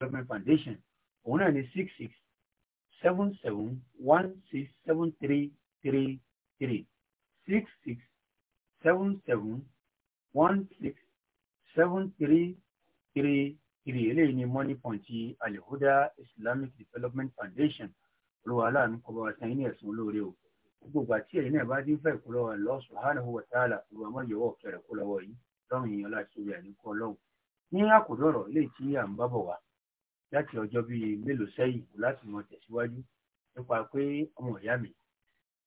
development foundation òun náà six six seven seven one six seven three three three six six seven seven one six seven three three three eléyìí ní money point alihuda islamic development foundation olúwa aláàánú kọba wa sẹ́yìn ní ẹ̀sùn olóore o gbogbo àti ẹ̀yin náà bá dín fẹ́ kó lọ́wọ́ Allah subhanahu wa ta'ala olúwa mọ́ yọwọ́ ọ̀kẹ́rẹ́ kó lọ́wọ́ yìí lọ́rùn yìí ọlá ìṣòro ẹ̀ ní kọ́ lọ́wọ́ ní àkójọ ọ̀rọ̀ eléyìí tí ń bábọ̀ wá láti ọjọ́ bíi mélòó sẹ́yìn láti mọ tẹ̀síwájú nípa pé ọmọ ìyá mi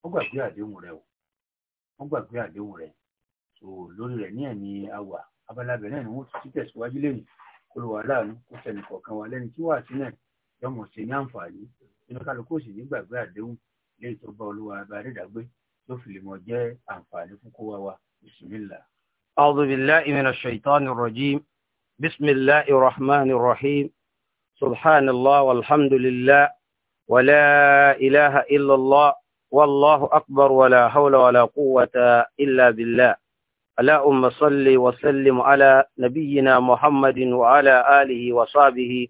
wọ́n gbàgbé àdéhùn rẹ̀ wọ́n gbàgbé àdéhùn rẹ̀ so lórí rẹ̀ ní ẹ̀mí àwà abala bẹ̀rẹ̀ ni wọ́n ti tẹ̀síwájú lẹ́yìn kó lọ wà láàánú kó sẹ́ni kọ̀ọ̀kan wa lẹ́ni tí wàá sí náà sí ní àǹfààní inú kálukú sì ní gbàgbé àdéhùn lẹ́yìn tó bá olúwa bá tó fi lè mọ jẹ́ àǹfààní fún kó wá من الشيطان الرجيم بسم الله الرحمن الرحيم سبحان الله والحمد لله ولا إله إلا الله والله أكبر ولا حول ولا قوة إلا بالله أم صل وسلم على نبينا محمد وعلى آله وصحبه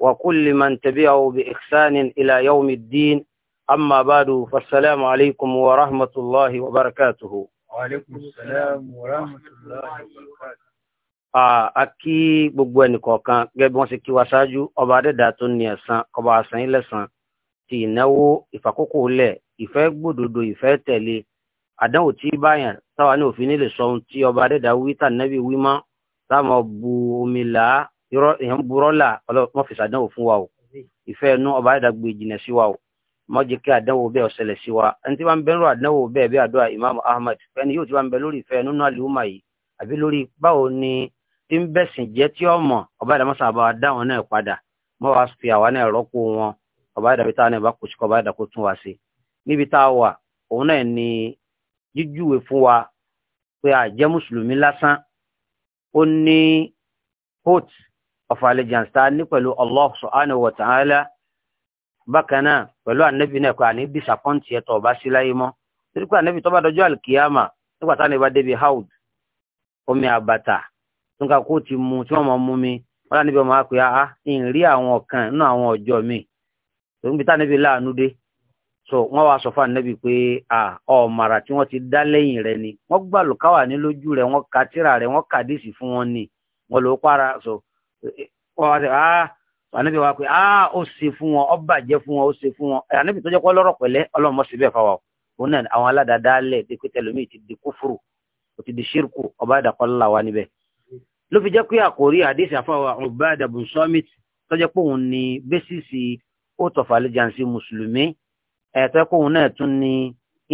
وكل من تبعه بإحسان إلى يوم الدين أما بعد فالسلام عليكم ورحمة الله وبركاته وعليكم السلام ورحمة الله وبركاته a kí gbogbo ẹnìkọ̀ọ̀kan gẹ́gẹ́ bí wọ́n ṣe kí wa ṣáájú ọba adẹ́dà tó ní ẹ̀san ọba àsanyín lẹ́san ti ìnáwó ìfàkókò lẹ̀ ìfẹ́ gbòdodo ìfẹ́ tẹ̀lé àdánwò tí báyàn táwa ní òfin nílè sọ ohun tí ọba adẹ́dà wí tànàbí wí mọ́ táwọn bu omi là á èèyàn burọ́ là wọ́n fi ṣàdánwò fún wa o ìfẹ́ inú ọba adẹ́dà gbé jìnà sí wa o mọ́ jẹ́ kí àdánwò bẹ́ẹ̀ ọ̀sẹ̀lẹ̀ sí wa ẹni tí wọ́n ń bẹ́rù àdánwò bẹ́ẹ̀ bí àdúrà Imam Ahmad fẹ́ni yóò ti wá ń bẹ lórí ìfẹ́ inú náà lè wúmà yìí àbí lórí báwo ni tí ń bẹ̀sìn jẹ́ tí ọmọ ọba ìdámọ́sá bá wa dá wọn náà padà mọ́ wa fi àwa náà rọ́pò wọn ọba ìdàbí táwọn náà bá kò sí kọ́ ọba ìdàkó tún wa sí níbi tá a wà òun náà ni jíjúwe fún wa pé a mùsùlùmí lásán ó ní oath of allegiance tá ní pẹ̀lú Allah subhanahu wa ta'ala bákan náà pẹ̀lú ànábì náà pé àní disappoint yẹn tọ̀ ọba sí láyé mọ́ torí pé ànábì tó bá dọjọ́ àlùkìyàmà nígbà táwọn ìbá débi haud omi àbàtà tó ń ka kó ti mu tí wọ́n máa mú mi wọ́n láti níbi ọmọ akpè ah ìrì àwọn ọ̀kan nínú àwọn ọjọ́ mi tó ń bi tá níbi láàánú dé so wọ́n wá sọ fún ànábì pé ọ̀màrà tí wọ́n ti dá lẹ́yìn rẹ̀ ni wọ́n gbà lùkáwà ní lójú rẹ̀ wọ́n ka tíra rẹ̀ wọ́n kà díìsì fún wọn ni wọ́n lò para so wọ́n wá sọ ah ànábì wa pé ah ó ṣe fún wọn ó bàjẹ́ fún wọn ó ṣe fún wọn ànábì tó jẹ́ pé ọlọ́rọ̀ pẹ̀lẹ́ ọlọ́mọ sì bẹ́ẹ̀ fáwọn òun náà àwọn aládàá dálẹ̀ pé tẹlómi ti di kúfùrù ó ti di ṣírkù ọba àdàkọ́ wa níbẹ̀ ló fi jẹ́ pé àkórí àdéhìí àfáwà Ubadah bin Samit tọ́jẹ́ pé òun ni bẹ́sìsì oath of allegiance mùsùlùmí ẹ̀ẹ́tọ́ pé òun náà tún ni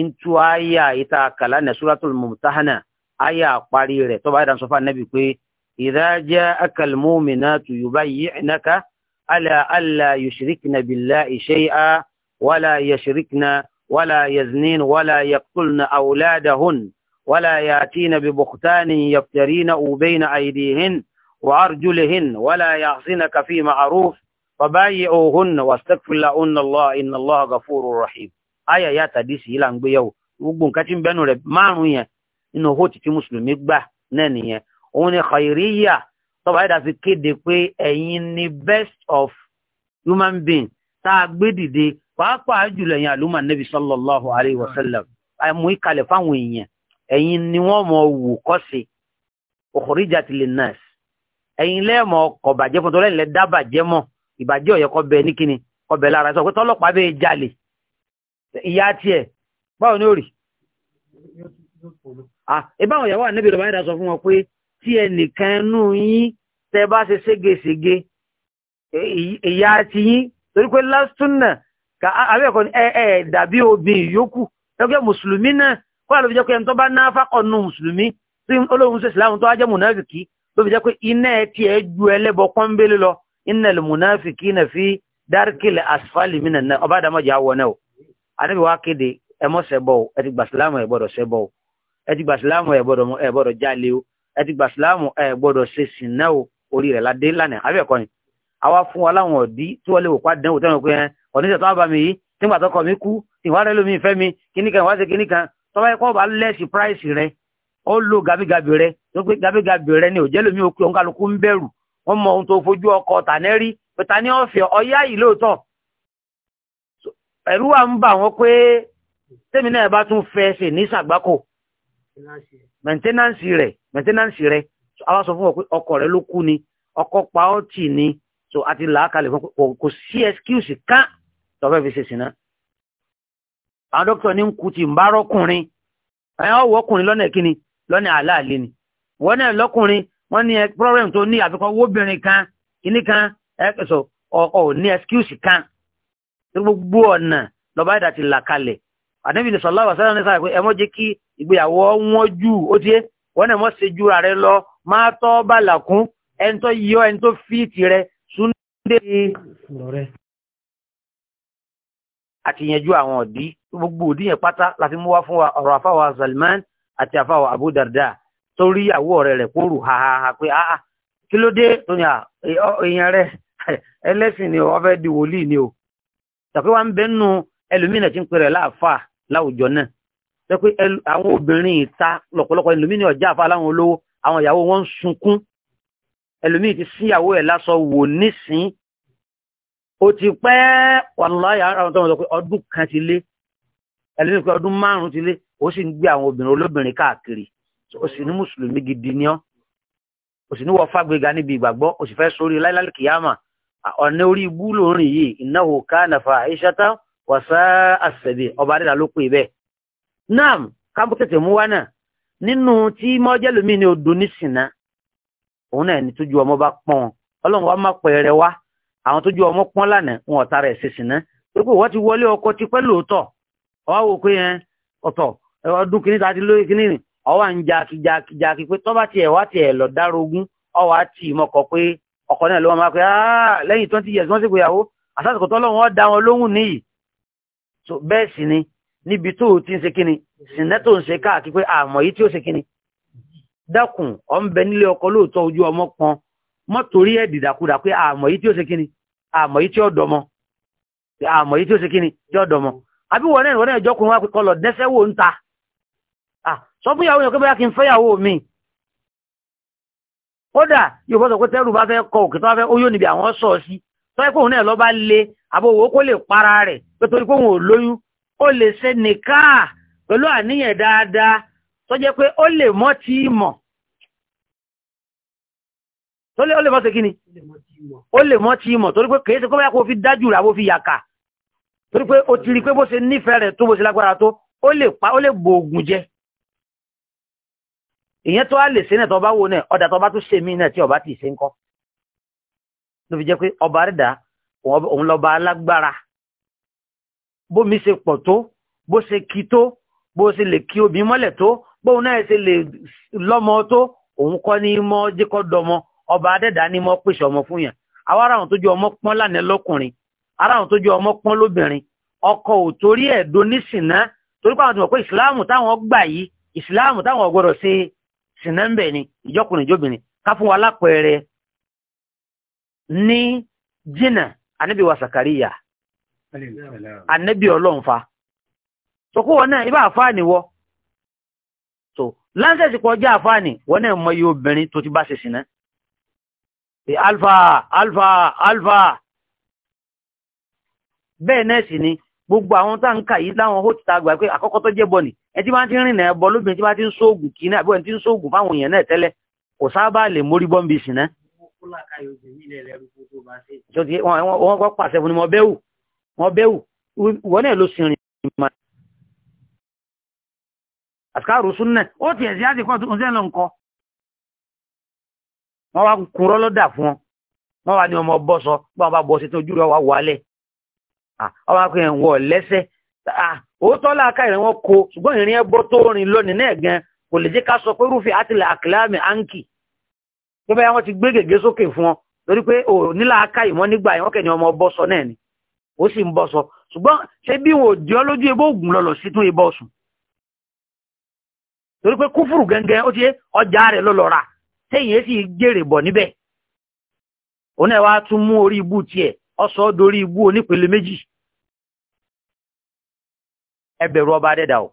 ntú àyà ìta àkàlà ní Suratul Mumtahana àyà àparí rẹ̀ tọ́ba àdàn sọ́fà nẹ́bi pé idha ja'aka al-mu'minatu yubayyi'naka ala alla yushrikna billahi shay'a wala yushrikna wala yaznin wala yaqtulna awladahun ولا ياتين ببختان يفترينه بين أيديهن وأرجلهن ولا يعصينك في معروف فبايعوهن واستغفر لهن الله إن الله غفور رحيم آية يا تديسي إلى أنبياء gbogbo nǹkan tí ń bẹnu rẹ̀ márùn yẹn nínú owó títí mùsùlùmí gbà náà nìyẹn òun ni khairiyya tọba ẹ̀dá fi kéde pé ẹ̀yin ni best of human being tá a gbé dìde pàápàá jùlọ ẹ̀yin àlùmọ nẹbi sallallahu alayhi wa sallam àìmú ìkàlẹ̀ fáwọn èèyàn ẹ̀yin ni wọ́n mọ̀ wò kọ́sì ukhrijat linnas ẹ̀yin lẹ́ẹ̀mọ̀ ọkọ̀ bàjẹ́ fún tọ́lẹ́yìn lẹ́ dá bàjẹ́ mọ̀ ìbàjẹ́ ọ̀yẹ́ kọ́ bẹ ní kíni kọ́ bẹ lára sọ pé tọ́lọ́pàá bẹ́ẹ̀ jalè ìyá tiẹ̀ báwo ni ó rì. ìbáwọn ìyàwó ànábì ìrọ̀bá yẹn sọ fún wọn pé tí ẹnìkan nù yín tẹ bá ṣe ségesège ìyá ti yín torí pé lásùnà àbẹ́ẹ̀kọ́ ni ẹ ẹ dàbí obìnrin yòókù ẹgbẹ́ mùsùlùmí náà kọ́lá ló fi jẹ́ pé ẹni tó bá ná fákọ̀nù mùsùlùmí tí olóhùn sí ìsìláàmù tó wájẹ́ mùnáfìkì ló fi jẹ́ pé iná ẹ ti ẹ ju ẹlẹ́bọ pọ́nbélé lọ iná lè mùnáfìkì náà fi dárkìlẹ̀ asfali mi nà ọba àdàmọ́jà wọ náà àdébí wá kéde ẹ mọ́ ṣẹbọ o ẹ ti gbà síláàmù ẹ gbọ́dọ̀ ṣẹbọ o ẹ ti gbà síláàmù ẹ gbọ́dọ̀ jalè o ẹ gbà síláàmù ẹ gbọ́dọ̀ ṣe sìnà o orí rẹ̀ ládé ni àwa wa láwọn ọ̀dí tí wọ́n lè wò pa dánwò tẹ́wọ̀n pé ọ̀nìṣẹ́ tó wà bá mi yìí nígbà tó kọ̀ mí kú ìwárẹ́ tọ́ba yẹ kọ́ bá lẹ́sì price rẹ ó lo gabigabi rẹ tó pé gabigabi rẹ ni òjẹ́ lómi òkú òǹkàlùkù ń bẹ̀rù wọ́n mọ ohun tó fojú ọkọ̀ tànẹ́rí pẹ̀tà ní ọ̀fẹ́ ọ̀yá yìí lóòótọ́ ẹ̀rú wa ń bà wọ́n pé tèmi náà bá tún fẹ́ ṣe ní sàgbákò mẹ̀ńtẹ́nánsì rẹ̀ mẹ̀ńtẹ́nánsì rẹ̀ àwa sọ fún wọn pé ọkọ̀ rẹ̀ ló kú ni ọkọ̀ pa ọ́ tì ni so àti làákàlẹ̀ fún kò sí excuse kan tó fi ṣe sí náà àwọn dókítà ní ń kú ti ń bá rọ́kùnrin ẹ̀yàn ọ̀wọ́ ọkùnrin lọ́nà ìkíni lọ́nà àláàlẹ́ ni wọ́n náà lọ́kùnrin wọ́n ní problem tó ní àfikọ́ wóbìnrin kan kíní kan ẹ̀kẹ́sọ̀ ọ̀ ní excuse kan gbogbo ọ̀nà lọ́ba ìdá ti là kalẹ̀ ànábì sallallahu alaihi wasallam ní sáà pé ẹ mọ́ jẹ́ kí ìgbéyàwó wọn jù ó tiẹ̀ wọ́n náà mọ́ ṣe ju ààrẹ lọ máa tọ́ bàlàkún ẹni tó yọ ẹni tó fi tirẹ̀ súndé àtìyànjú àwọn ọ̀dí gbogbo òdìyàn pátá láti mú wá fún wa ọ̀rọ̀ àfáwà Salman àti àfáwà Abu Darda tó rí ìyàwó ọ̀rẹ́ rẹ̀ kó rù hahaha pé ah, ah kí ló dé tó ní ah, èèyàn rẹ̀ ẹlẹ́sìn ni wọ́n fẹ́ di wòlíì ni o tàbí wọ́n ń bẹ́ nù ẹlòmínà tí ń pèrè láàfà láwùjọ náà tó pé àwọn obìnrin ìta lọ́pọ̀lọpọ̀ ẹlòmínà ọjà àfà láwọn olówó àwọn ìyàwó wọn ń sunkún ẹlòmíì ti síyàwó ẹ̀ lásọ wò nísìn ó ti pẹ́ wàlúwàyà àwọn tó ń sọ pé ọdún kan ti lé ẹlẹ́sìn pé ọdún márùn-ún ti lé ó sì ń gbé àwọn obìnrin olóbìnrin káàkiri ó sì ní mùsùlùmí gidi ni ọ́ ó sì ní wọ́n fàgbéga níbi ìgbàgbọ́ ó sì fẹ́ sórí láíláí kìyàmà ọ̀nà orí ibú lòórìn yìí innahu kana fahishata wa sa'a sabil ọba adéla ló pè bẹ́ẹ̀ náà káàbù tètè mú wá náà nínú tí mọ́jẹ́lómi ni odò ní sìnà òun náà ní tójú ọmọ bá pọ́n ọlọ́run wa má pẹ̀rẹ̀ wá àwọn tójú ọmọ pọ́n lánàá wọn ọ̀tá rẹ̀ ṣe sìnà pé kò wọ́n ti wọlé ọkọ tipẹ́ lóòótọ́ ọwọ́ wò pé yẹn ọ̀tọ̀ ọdún kìíní tàbí lórí kìíní rìn ọwọ́ à ń jaki jaki jaki pé tọ́ba tiẹ̀ wá tiẹ̀ lọ dárógún ọwọ́ á tì mọ́kọ pé ọkọ náà ló máa pé lẹ́yìn twenty years wọ́n sì gbéyàwó àsásìkò tó lọ́wọ́ da wọn lóhùn níyì ni níbi tó ti ń ṣe kíni tí ó ṣe kíni ọ̀ ń ọkọ lóòótọ́ ojú ọmọ mọ́ torí ẹ̀ dìdàkudà pé tí ó ṣe kíni tí ó dọmọ àmọ́ tí ó ṣe àbí wọ́n náà wọ́n náà jọ́kùnrin wá kọ́ lọ dẹ́sẹ́ wò ń ta sọ fún ìyàwó yẹn kébẹ́yà kí n fẹ́yàwó mi kódà yóò bọ́ sọ pé tẹ́rù bá fẹ́ kọ òkè tó bá fẹ́ ó yóò níbi àwọn sọ sí tọ́yẹ́ kóhun náà lọ bá le àbòwò kó lè para rẹ̀ pé torí kóhun ò lóyún ó lè ṣe nìkáà pẹ̀lú àníyàn dáadáa tó jẹ́ pé ó lè mọ́ tí mọ̀ tó lè mọ́ tí mọ̀ torí pé kèése kó bá yà kó fi dájú rà bó fi yàkà torí pé o ti rí pé bó ṣe nífẹ̀ẹ́ rẹ̀ tó bó ṣe lágbára tó ó lè pa ó lè gbòògùn jẹ ìyẹn tó á lè ṣe náà tó bá wò náà ọ̀dà tó bá tún ṣe mí náà tí ọba tì í ṣe ń kọ́ ló fi jẹ́ pé ọba rẹ̀ dá òun lọ́ba alágbára bómi ṣe pọ̀ tó bó ṣe kí tó bó ṣe lè kí obì mọ́lẹ̀ tó bóun náà ṣe lè lọ́mọ tó òun kọ́ ní mọ́ jẹ́kọ́ dọmọ ọba adẹ́dá ní mọ́ pèsè ọmọ fún yàn àwa ara àwọn tó ju ọmọ pọ́n lánàá lọ́kùnrin ara àwọn tó ọmọ pọn lóbìnrin ọkọ ò torí ẹ̀ donísìnà torí pé àwọn tó mọ̀ pé ìsìláàmù táwọn gbà yìí ìsìláàmù táwọn ṣe ń ni ìjọkùnrin ìjọbìnrin ká fún wa lápẹẹrẹ ní jìnnà ànábì wa Sàkàríyà ànábì ọlọ́nfà náà wọ so lancet àfáàní wọn náà mọ iye obìnrin tó ti bá ṣe bẹ́ẹ̀ náà sì ni gbogbo àwọn tá à ń kà yìí láwọn ó ti ta gbà pé àkọ́kọ́ tó jẹ́ bọ̀ ni ẹ tí bá ti rìn náà bọ lóbìnrin tí bá ti ń sóògùn kí náà àbí wọn ti ń sóògùn fáwọn èèyàn náà tẹ́lẹ̀ kò sábà lè mórí bọ́m̀bì sí ná. wọ́n kọ́ pàṣẹ fún mi wọ́n bẹ́wù wọ́n bẹ́wù wọ́n náà ló sì rìn mà. àsìkárò sún náà ó tiẹ̀ sí àti kọ́ọ̀tù oúnjẹ lọ nǹkan. wọ́n wá kúrọ́ lọ́dà fún wọn wọ́n wá ní ọmọ bọ́ sọ bí wọ́n bá bọ́ sí tó ojú wá wọlé ọmọ akọ yẹn wọ lẹ́sẹ̀ òótọ́ làákà ìrìn wọn kó ṣùgbọ́n ìrìn ẹbọ tó rìn lónìí náà gan kò lè jẹ́ ká sọ pé rúfin àtìlẹ̀ àkìláàmì áńkì tó bá yá wọn ti gbé gègé sókè fún ọ torí pé ò ní làákà ìmọ̀ nígbà yẹn wọ́n ọmọ bọ́ sọ náà ni ó sì ń sọ ṣùgbọ́n ṣé bí wọn ò ọ lójú ebó lọ lọ sí tún sùn torí pé kúfùrù gẹ́gẹ́ ó ọjà rẹ̀ lọ rà téèyàn sì bọ̀ níbẹ̀ òun ọsọ dorí ibú onípele méjì ẹbẹ̀rù ọba dẹ́dà o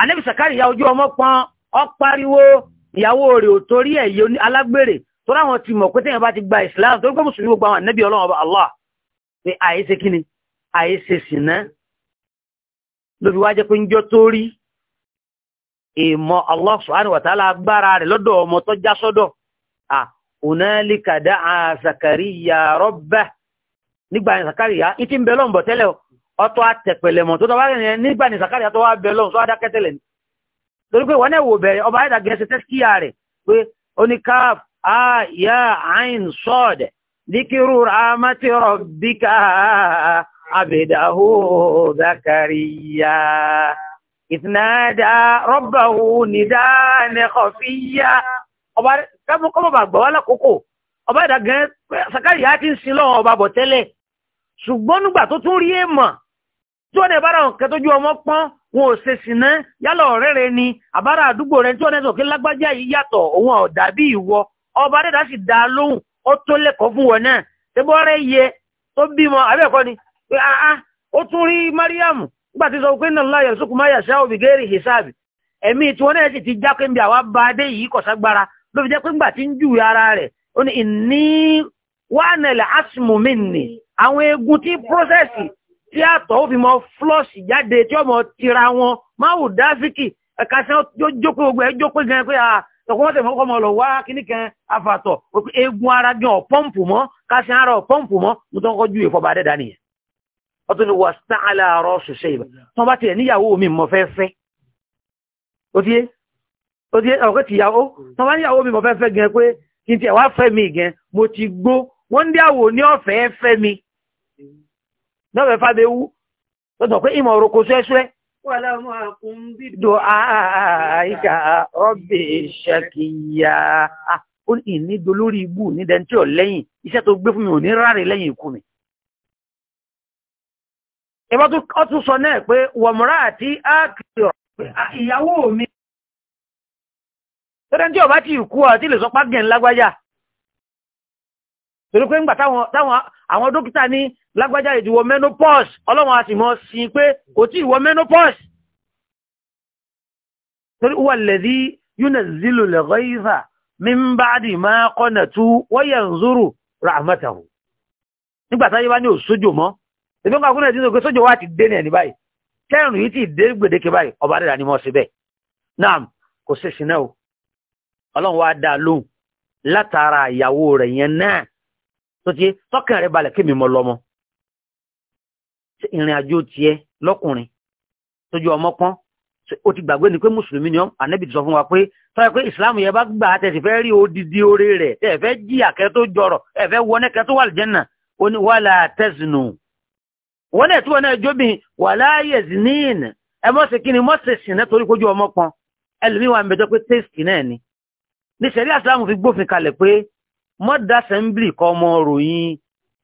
anẹ́bí Sakariya ojú ọmọ pọn ọpariwo ìyàwó rẹ̀ ò torí ẹ̀yẹ alágbèrè tó ráwọn ti mọ̀ pé tẹ́yàn ti gba Islam tó gbọ́ mùsùlùmí gbogbo àwọn anẹ́bí ọlọ́run ọba Allah pé àìsẹ kíni àìsẹ sìnà ló fi wá jẹ́ pé ń jọ tó rí Allah subhanahu wa ta'ala agbára rẹ̀ lọ́dọ̀ ọmọ tó já sọ́dọ̀ hunalika da'a zakariya rabbah nígbà ní zakariya ìtì ń bẹ lọ́n bọ̀ tẹ́lẹ̀ ọtọ́ àtẹ̀pẹ̀lẹ̀mọ̀ tó tọ́wá rẹ̀ nígbà ní zakariya tó wá bẹ lọ́n sọ́wọ́ dákẹ́tẹ̀lẹ̀ ni torí pé wọ́n náà wò bẹ̀rẹ̀ ọba ayédà gẹ̀ẹ́sẹ̀ tẹ́síkíyà rẹ̀ pé ọba kábọ̀ kọ́mọ̀ bá gbà wá ọba ìdá gan Sakarya ti ń sin lọ́wọ́ ọba bọ̀ tẹ́lẹ̀ ṣùgbọ́n nígbà tó tún rí èèmọ̀ tí wọ́n bára tójú ọmọ pọ́n wọn ò ṣe yálà ọ̀rẹ́ ni àbára àdúgbò rẹ tí wọ́n dẹ̀ sọ̀kẹ́ lágbájá yìí yàtọ̀ òun ọ̀dà ọba sì dá lóhùn ó tó lẹ́kọ̀ọ́ fún wọn náà ló fi jẹ́ pé ńgbà tí ń jù ara rẹ̀ ó ní ìní wánẹ̀lẹ̀ asmumi nì àwọn egun tí prọ́sẹ̀sì tí àtọ̀ ó fi mọ flọ́ọ̀ṣì jáde tí ọmọ tira wọn máwù dáfíkì ẹ̀ka sí jókòó gbogbo ẹ̀ jókòó gan pé tọ̀kọ́ ah, wọ́n tẹ̀mọ́ kọ́mọ lọ wá kíní kan afàtọ̀ egun ara gan ọ̀pọ́ǹpù mọ́ kásí ara ọ̀pọ́ǹpù mọ́ mo tọ́ kọ́ ju ìfọba dẹ́dà nìyẹn ọtún ni wọ́n sàn án láàárọ̀ ṣùṣẹ́ ìbá tí wọ́n bá tiẹ̀ níyàwó mi mọ̀ fẹ́ fẹ́ ó ti ó ti ọ̀kẹ́ ti yàwó mm. tó bá níyàwó mi mọ̀ fẹ́ fẹ́ gan pé kí n tiẹ̀ wá fẹ́ mi gan mo ti gbó wọ́n àwò ní ọ̀fẹ́ fẹ́ mm. fẹ́ wú pé ìmọ̀ òrokò sẹ́sẹ́ àìkà ṣàkìyà. Ó ní ní ọ̀ lẹ́yìn. Iṣẹ́ tó gbé fún mi ò ní lẹ́yìn ikú mi. tún sọ náà pé àti ìyàwó mi tọ́dá tí ọba ti kú ọ̀tí lè sọ págẹ̀ lágbájá torí pé ń gbà táwọn àwọn dókítà ní lágbájá ìdíwọ menopause ọlọ́wọ́n a sì mọ́ sí pé kò tí ìwọ menopause torí wà lẹ́dí yúnẹ̀zílù lẹ́gọ́ìfà mímbàdì máa kọ́nà tú wọ́yẹ̀ ń zúrù rahmatahu nígbàtá yíwá ní òṣòjò mọ́ ìbí ń kàkúnlẹ̀ tí ó gbé sójò ọlọ́run wá dá lóhùn látara ìyàwó rẹ̀ yẹn náà tó ti tọ́kàn rẹ̀ balẹ̀ kí mi mọ lọ́mọ ìrìn àjò tiẹ̀ lọ́kùnrin tójú ọmọ pọ́n ó ti gbàgbé ni pé mùsùlùmí ni ọ́n ànẹ́bì ti sọ fún wa pé tọ́yẹ pé ìsìláàmù yẹn bá gbà tẹ̀sí fẹ́ rí odidi oore rẹ̀ tẹ̀ fẹ́ jí àkẹ́ tó jọrọ̀ ẹ̀ fẹ́ wọnẹ́ kẹ́ tó wà lìjẹ́nà ó ní wàhálà tẹ̀sínù wọ́n ẹ̀ tí wọ́n náà jóbìn wàhálà yẹ̀sìnín ẹ mọ́ sí kí ni mọ́ sí sìn náà torí kójú ọmọ pọn ẹlòmíwà ń bẹjọ́ pé tẹ́sì náà ni ní sẹ̀rí àsìlámù fi gbófin kalẹ̀ pé mọ́dà sẹ́ńblì kọ́ ọmọ ròyìn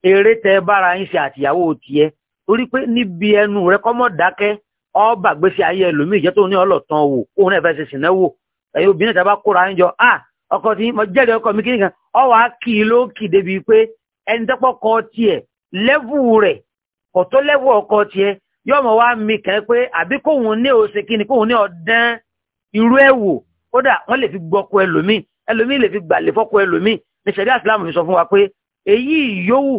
eré tẹ bára yín ṣe àtìyàwó tiẹ̀ torí pé níbi ẹnu rẹ kọ́ mọ́ dákẹ́ ọba gbèsè ayé ẹlòmíì jẹ́ tó ní ọlọ́tàn wò òun náà fẹ́ ṣe sìn wò ẹ̀yin obìnrin tàbá kóra ń jọ ah ọkọ tí mo jẹ́rìí ọkọ mi kíni kan ọwọ́ kì í ló kì débi pé ẹni tẹ́pọ̀ kọ tiẹ̀ lẹ́vù rẹ̀ kò tó lẹ́vù ọkọ tiẹ̀ yọmọ wa mi kẹ́ pé àbí kóhun ní òsè kíni kóhun ní ọ̀dán irú ẹ̀ wò kódà wọ́n lè fi gbọ́kọ ẹlòmíì ẹlòmíì lè fi gbàlè fọ́kọ ẹlòmíì ní sẹ̀dí àsìlámù fi sọ fún wa pé èyí yòówù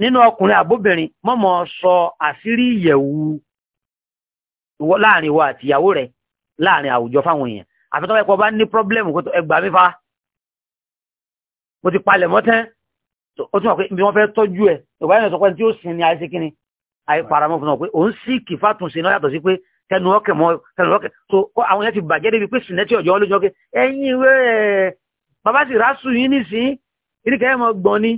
nínú ọkùnrin àbóbìnrin mọ́mọ́ sọ àṣírí ìyẹ̀wù láàrin wa àti ìyàwó rẹ̀ láàrin àwùjọ fáwọn èèyàn àfitọ́ ẹ̀kọ́ bá ní pọ́blẹ́mù kó ẹgbàá mi fa mo ti palẹ̀ mọ́ tán ó tún wà pé wọ́n fẹ́ tọ́jú ẹ̀ ìwà ìrìnàṣọ́pẹ́ tí ó sin ni àìsí kíni àìparamọ́ fún ọ pé òun sì kì fàtúnṣe náà yàtọ̀ sí pé tẹnu ọkẹ̀ mọ́ tẹnu ọkẹ̀ so àwọn yẹn ti bàjẹ́ débi pé sinẹ́tì ọjọ́ lójọ́ kẹ ẹ̀yìn ìwé bàbá sì rásù yín nísìn ìníkà ẹ̀mọ gbọ́n ni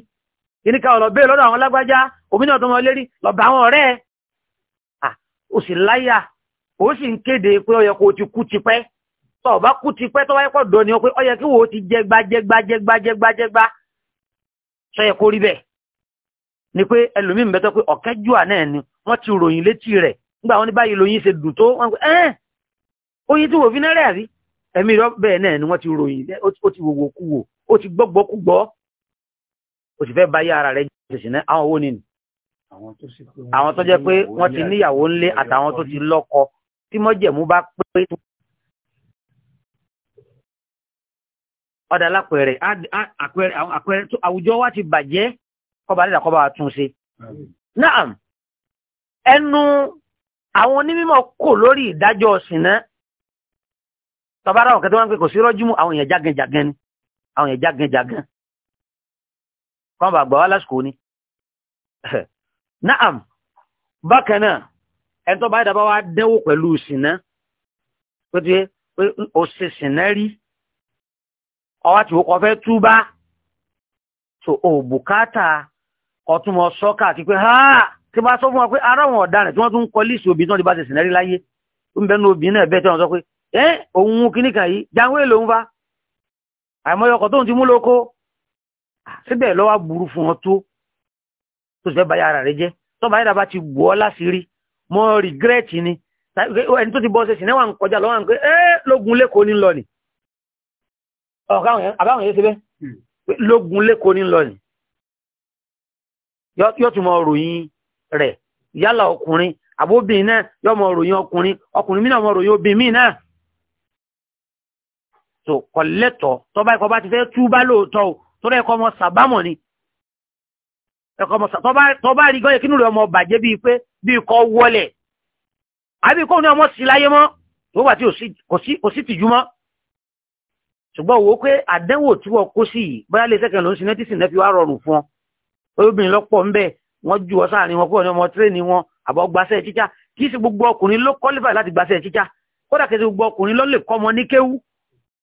ìníkà ọ̀rọ̀ bẹ́ẹ̀ lọ́dọ̀ àwọn lágbájá òmìnira tó mọ lérí lọ́ba àwọn ọ̀rẹ́ ẹ̀ ó sì láyà ó sì ń kéde pé ó yẹ kó o ti kú tipẹ́ tó o bá kú tipẹ́ tó wáyé pọ̀ dọ̀ ni ó pé ó yẹ kí wo ti jẹgba jẹgba sọ yẹ kó rí bẹ́ẹ̀ ni pé ẹlòmíì ń bẹ tó pé ọ̀kẹ́jùà ni wọ́n ti ròyìn létí nígbà wọn ní báyìí lóyìn ṣe dùn tó wọn pé ẹ́n oyin tí wò fi náírà rí ẹ̀mí rọ bẹ́ẹ̀ náà ni wọ́n ti ròyìn ó ti wòwò kú wò ó ti gbọ́gbọ́ kú gbọ́ ó sì fẹ́ báyé ara rẹ̀ jẹ̀sìn náà àwọn owó nìyí àwọn tó jẹ́ pé wọ́n ti níyàwó ńlé àtàwọn tó ti lọ́kọ tí mọ́jẹ̀mú bá pé ọ̀dà lápẹẹrẹ àpẹẹrẹ tó àwùjọ wa ti bàjẹ́ kọba nígbà kọba tún ṣe. Naam ẹnu àwọn onímọ̀ kò lórí ìdájọ́ ṣìnà tọ́bára ọ̀kẹ́ tó wọ́n ń pè kò sí rọ́júmù àwọn èèyàn jágẹnjàgẹn ni àwọn èèyàn jágẹnjàgẹn kọ́n bá gbà wá ni naam bákan náà ẹni tó bá dàbá wá dẹ́wò pẹ̀lú ṣìnà pé tí ó ṣe ṣìnà rí ọwá tí ó kọ fẹ́ túbá tó ò bùkátà ọtúnmọ̀ sọ́kà àti pé háà tí bá sọ fún wa pé ara wọn ọ̀daràn tí wọ́n tún kọ líìsì òbí tí wọ́n ti bá ti sìnẹ́rí láyé ó ń bẹ ní obìnrin náà bẹ́ẹ̀ tí wọ́n sọ pé ẹ́ òun kìíní kan yìí jáwé lòun bá àìmọyọkọ̀ tóun ti mú lóko síbẹ̀ lọ́wọ́ burú fún wọn tó tó sì fẹ́ báyà ara rẹ jẹ́ tọ́ba yàrá bá ti wù ọ́ láṣìírí mọ́ rìgírẹ́ẹ̀tì ni ẹni tó ti bọ́ ṣe sìnẹ́wà ń kọjá lọ́wọ́ à ń pé ẹ́ lógun lẹ́kọ̀ọ́ ní lọ ni àbáwọn yẹn ṣe bẹ́ẹ̀ hmm. lógun lẹ́kọ̀ọ́ ní lọ yóò tún ròyìn rẹ̀ yálà ọkùnrin àbóbìnrin náà yọ mọ ròyìn ọkùnrin ọkùnrin mí náà mọ ròyìn obìnrin mí náà tó kọ̀lẹ́tọ̀ tọ́ba ẹ̀kọ́ bá ti fẹ́ túbá lóòótọ́ o tó rẹ̀ ẹ̀kọ́ ọmọ sàbámọ̀ ni ẹ̀kọ́ ọmọ sàbámọ̀ tọ́ba rí gọ́yẹ̀ kínú rẹ̀ ọmọ bàjẹ́ bíi pé bíi kọ́ wọlé àbí kóun ní ọmọ sí láyé mọ́ tó wà tí kò sí tìjú mọ́ ṣùgbọ́n wo pé àdánwò tí wọ́n kó sí yìí bóyá lè sẹ́kẹ̀ ló ń sin nẹ́tìsìn náà fi wá rọrùn fún ọ obìnrin lọ́pọ̀ ń bẹ́ẹ̀ wọ́n ju ọ sáàrin wọn kúrò ní ọmọ tírénì wọn àbọ̀ gbaṣẹ́ tíṣà kì í ṣe gbogbo ọkùnrin ló qualify láti gbaṣẹ́ tíṣà kódà kì í ṣe gbogbo ọkùnrin ló lè kọ́mọ ní kéwú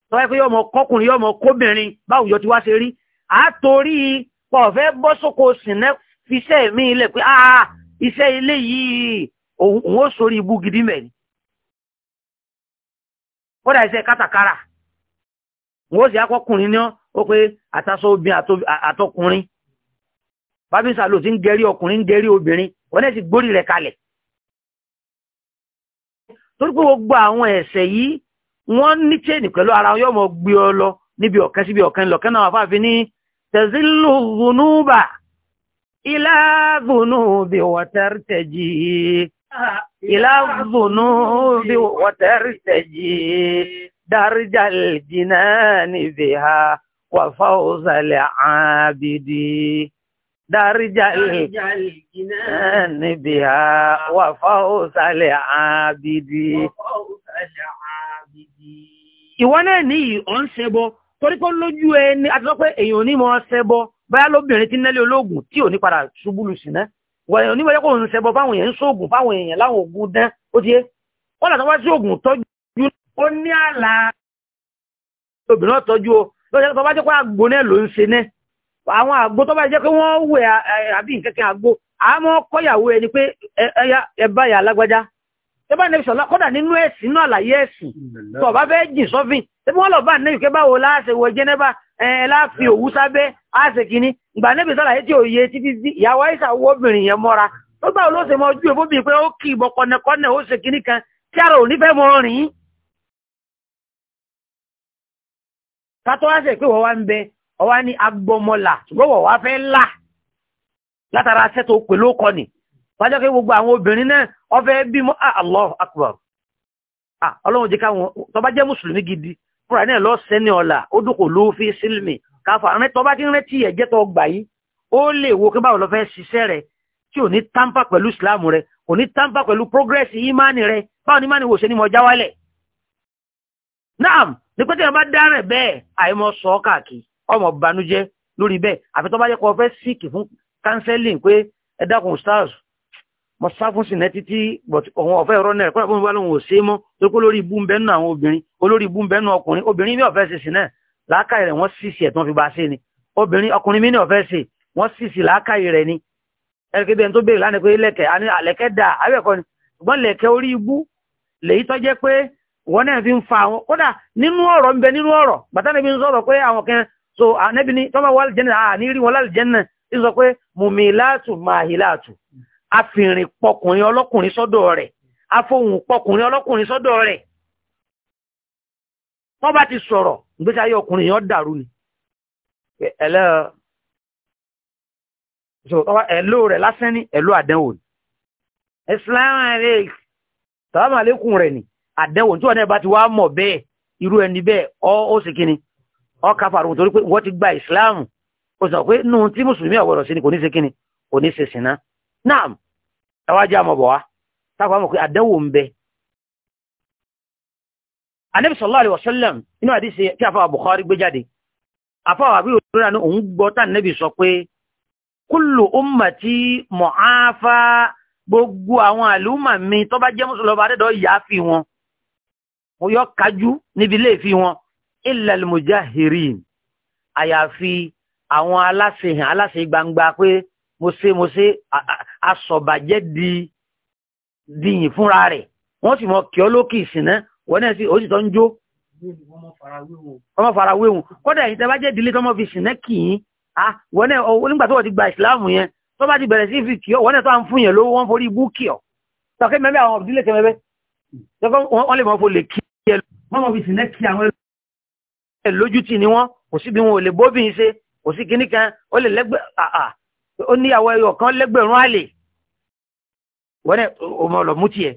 tọ́wọ́ pé yọmọ kọkùnrin yọmọ kóbìnrin báwùjọ ti wá ṣe rí àtòrí pọ̀fẹ́ bọ́ sóko sìnẹ́ fiṣẹ́ mi ilẹ̀ pé ah iṣẹ́ ilé yìí òun ó sórí ibú gidi mẹ́rin kódà iṣẹ́ kátàkárà wọ́n sì akọkùnrin ní ó pé àtaṣọ obìnrin àtọkùnrin bábísà ló ti ń gẹrí ọkùnrin ń gẹrí obìnrin wọn sì gbórí rẹ̀ kalẹ̀ torí pé gbogbo àwọn ẹ̀ṣẹ̀ yìí wọ́n ní chain pẹ̀lú ara wọn yóò mọ̀ gbé ọ lọ níbi ọ̀kan síbi ọ̀kan lọ̀kan náà wàá fi ní tẹ̀sílù gùnúbà ilá gùnúbì wọ̀tẹ́rì tẹ̀jì ilá gùnúbì wọ̀tẹ́rì tẹ̀jì dárìjà jìnnà níbi ha wà fáwọn sàlẹ̀ àbìdì dárìjà níbi ha wà fáwọ́ sálẹ̀ àbìdì. ìwọ náà níyì ọ̀ ń ṣẹbọ torí pé lójú ẹni àti sọ pé èèyàn ní mọ ṣẹbọ báyá lóbìnrin tí nẹ́lẹ̀ ológun tí ò ní padà ṣubúlù sí náà wọ̀nyí oníwọ̀nyí kò ń ṣẹbọ fáwọn èèyàn ń ṣoògùn fáwọn èèyàn láwọn ògùn dán ó ti yé wọ́n làtọ́ wá sí ògùn tọ́jú ó ní àlà obìnrin tọ́jú o lọ́jọ́ tó bá jẹ́ pé àgbò ló ń ṣe náà àwọn àgbo tó bá jẹ́ pé wọ́n wẹ̀ àbí nkẹ́kẹ́ àgbo àmọ́ kọ́yàwó ẹni pé ẹyá ẹbá yà lágbájá tẹ́bá nẹ́bí sọ̀lá kọ́dà nínú ẹ̀sìn náà àlàyé ẹ̀sìn tó bá fẹ́ jìn sọ́fìn tẹ́bí wọ́n lọ bá nẹ́bí kẹ́ láàṣẹ wọ jẹ́nẹ́bà láàfin òwú sábẹ́ àṣẹ kínní ìgbà nẹ́bí sọ̀lá yẹn tí òye títí sí ìyàwó àìsà obìnrin yẹn mọ́ra tó mọ ọwá ní agbọmọlà ṣùgbọ́wọ̀ wá fẹ́ là látara ṣẹ́ tó pè ló kọ ni wájọ́ kí gbogbo àwọn obìnrin náà ọfẹ́ bímọ ah, Allah akbar ah, ọlọ́run jẹ́ káwọn tọba jẹ́ mùsùlùmí gidi fúnra náà lọ sẹ́ni ọ̀la ó dúkò ló fi sílmì káfà rẹ tọba kí rẹ tí ẹ̀jẹ̀ tó gbà yìí ó lè wo kí báwo lọ fẹ́ ṣiṣẹ́ rẹ tí ò ní tàǹpà pẹ̀lú ìsìláàmù rẹ kò ní tàǹpà pẹ̀lú progress imani rẹ báwo ni ìmánì wò ṣe ni mo já wálẹ̀ náà ní pé tí wọn bá dárẹ̀ bẹ́ẹ̀ àìmọ̀ sọ káàkiri ọmọ banújẹ́ lórí bẹ́ẹ̀ àfi tó bá jẹ́ kó fẹ́ síkì fún counseling pé ẹ stars mo sá fún sinẹ títí but òun ọ̀fẹ́ ọ̀rọ̀ náà kọ́nà fún mi wá lóhun ò ṣe é mọ́ tó kó lórí ibú ń bẹ́nu àwọn obìnrin olórí ibú ń bẹ́nu ọkùnrin obìnrin mi ọ̀fẹ́ ṣe sinẹ làákàyè rẹ̀ wọ́n sì sí ẹ̀tàn fi bá ṣe ni obìnrin ọkùnrin mi ní ọ̀fẹ́ ṣe wọ́n sì sí làákàyè rẹ̀ ni ẹ̀rẹ́kẹ́ bí ẹni tó béèrè lánàá pé lẹ́kẹ̀ àní àlẹ́kẹ́ dà abẹ́ẹ̀kọ́ ni ṣùgbọ́n lẹ́kẹ́ orí ibú lèyí tó jẹ́ pé wọ́n náà fi ń fa àwọn kódà nínú ọ̀rọ̀ ń bẹ nínú ọ̀rọ̀ bàtà níbi ń sọ̀rọ̀ pé àwọn kan so ànẹ́bí ní tọ́bà wà lìjẹ́nà à ní rí wọn lálìjẹ́nà tí sọ pé mùmí láàtù máa hì láàtù afìrìn pọkùnrin ọlọ́kùnrin sọ́dọ̀ rẹ̀ afohùn pọkùnrin ọlọ́kùnrin sọ́dọ̀ rẹ̀ wọ́n bá ti sọ̀rọ̀ ìgbésí ayé ọkùnrin yẹn dàrú ni ẹ̀lò rẹ̀ lásán ní ẹ̀lò àdánwò ni ẹ̀sìlámù àlékún rẹ̀ ni àdánwò tí wọ́n náà bá ti wá mọ̀ bẹ́ẹ̀ irú ẹni bẹ́ẹ̀ ó sì kíni ọkà fàrùkù torí pé wọ́n ti gba islam ó sọ pé nù tí mùsùlùmí ọ̀gbọ̀dọ̀ sí ni kò ní ṣe kíni kò ní ṣe sìnà náà ẹwájú àmọ̀bọ̀ wa táwọn àmọ̀ pé àdánwò ń bẹ. anabi sallallahu alaihi wasallam inú àdìsí tí àfáà bukhari gbé jáde àfáà àbí òṣèré àná òun gbọ́ tá nẹ́bì sọ pé kullu ummati mu'afa gbogbo àwọn àlùmọ̀ mi tó jẹ́ mùsùlùmí ọba yà fi wọn mo yọ kájú níbi ilé ìfi wọn illa al-mujahirin àyàfi àwọn aláṣehàn aláṣe gbangba pé mo ṣe mo ṣe asọ̀bàjẹ́ di dìyìn fúnra rẹ̀ wọ́n sì mọ kí ọ lókè ìsìnná wọ́n náà sì òsì tó ń jó ọmọ fara wéhùn kódà ẹ̀yin tẹ́ bá jẹ́ ìdílé tọ́mọ fi sìnná kì í wọ́n náà nígbà tó wọ́n ti gba ìsìláàmù yẹn tó bá ti bẹ̀rẹ̀ sí fi kì wọ́n náà tó à ń fún yẹn lówó wọ́n forí bú kì tọ́kẹ́ mẹ́bẹ́ àwọn ìdílé kẹ́mẹ́bẹ́ wọ́n lè mọ́ fo lè kí ẹ lọ́mọ fi sìnná kì àwọn lójútì ni wọ́n kò síbi wọn ò lè bóbìnrin ṣe kò sí kinní kan ó lè lẹ́gbẹ̀ àà ó níyàwó ẹyọ kan lẹ́gbẹ̀rún àlè wọ́n ní ọmọ ọlọ́mú tiẹ̀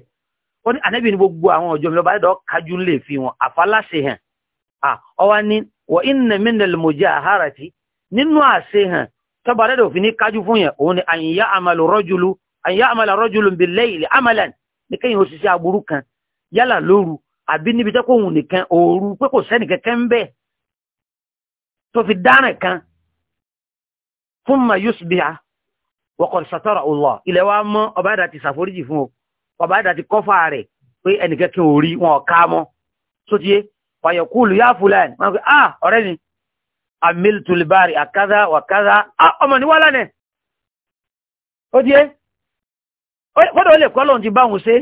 ó ní ànábì ní gbogbo àwọn ọjọ́ mi lọ́ba ẹ̀dọ́ kájú lè fi wọn àfàlàṣe hàn à ọwọ́ ní wọ́n inna min al-mujaharati nínú àṣe hàn tọ́ba ẹ̀dọ́ òfin ní kájú fún yẹn òun ni an ya'malu rajulu an ya'mala rajulun bil-layli amalan ní kéyìn òṣìṣẹ́ aburú kan yálà lóru àbí níbi tẹ́kọ̀ òun nìkan òru pé kò sẹ́nìkẹ́kẹ́ ń bẹ́ẹ̀ tó fi dáràn kan fún ma yusbiha wọ́kọ̀ sàtọ́rọ̀ ọlọ́ ilẹ̀ wa mọ́ ọba àdá ti ṣàforíjì fún o ọba àdá ti kọ́fà rẹ̀ pé ẹnìkan kí n ò rí wọn ọ̀ká mọ́ sótíyé fàyẹ̀kúlù yá fúlàn wọn kò ah ọ̀rẹ́ mi amíl tulibari àkádá wàkádá ọmọ ní wàhálà nẹ̀ ó díẹ̀ kódà ó lè kọ́ lóun ti bá òun ṣe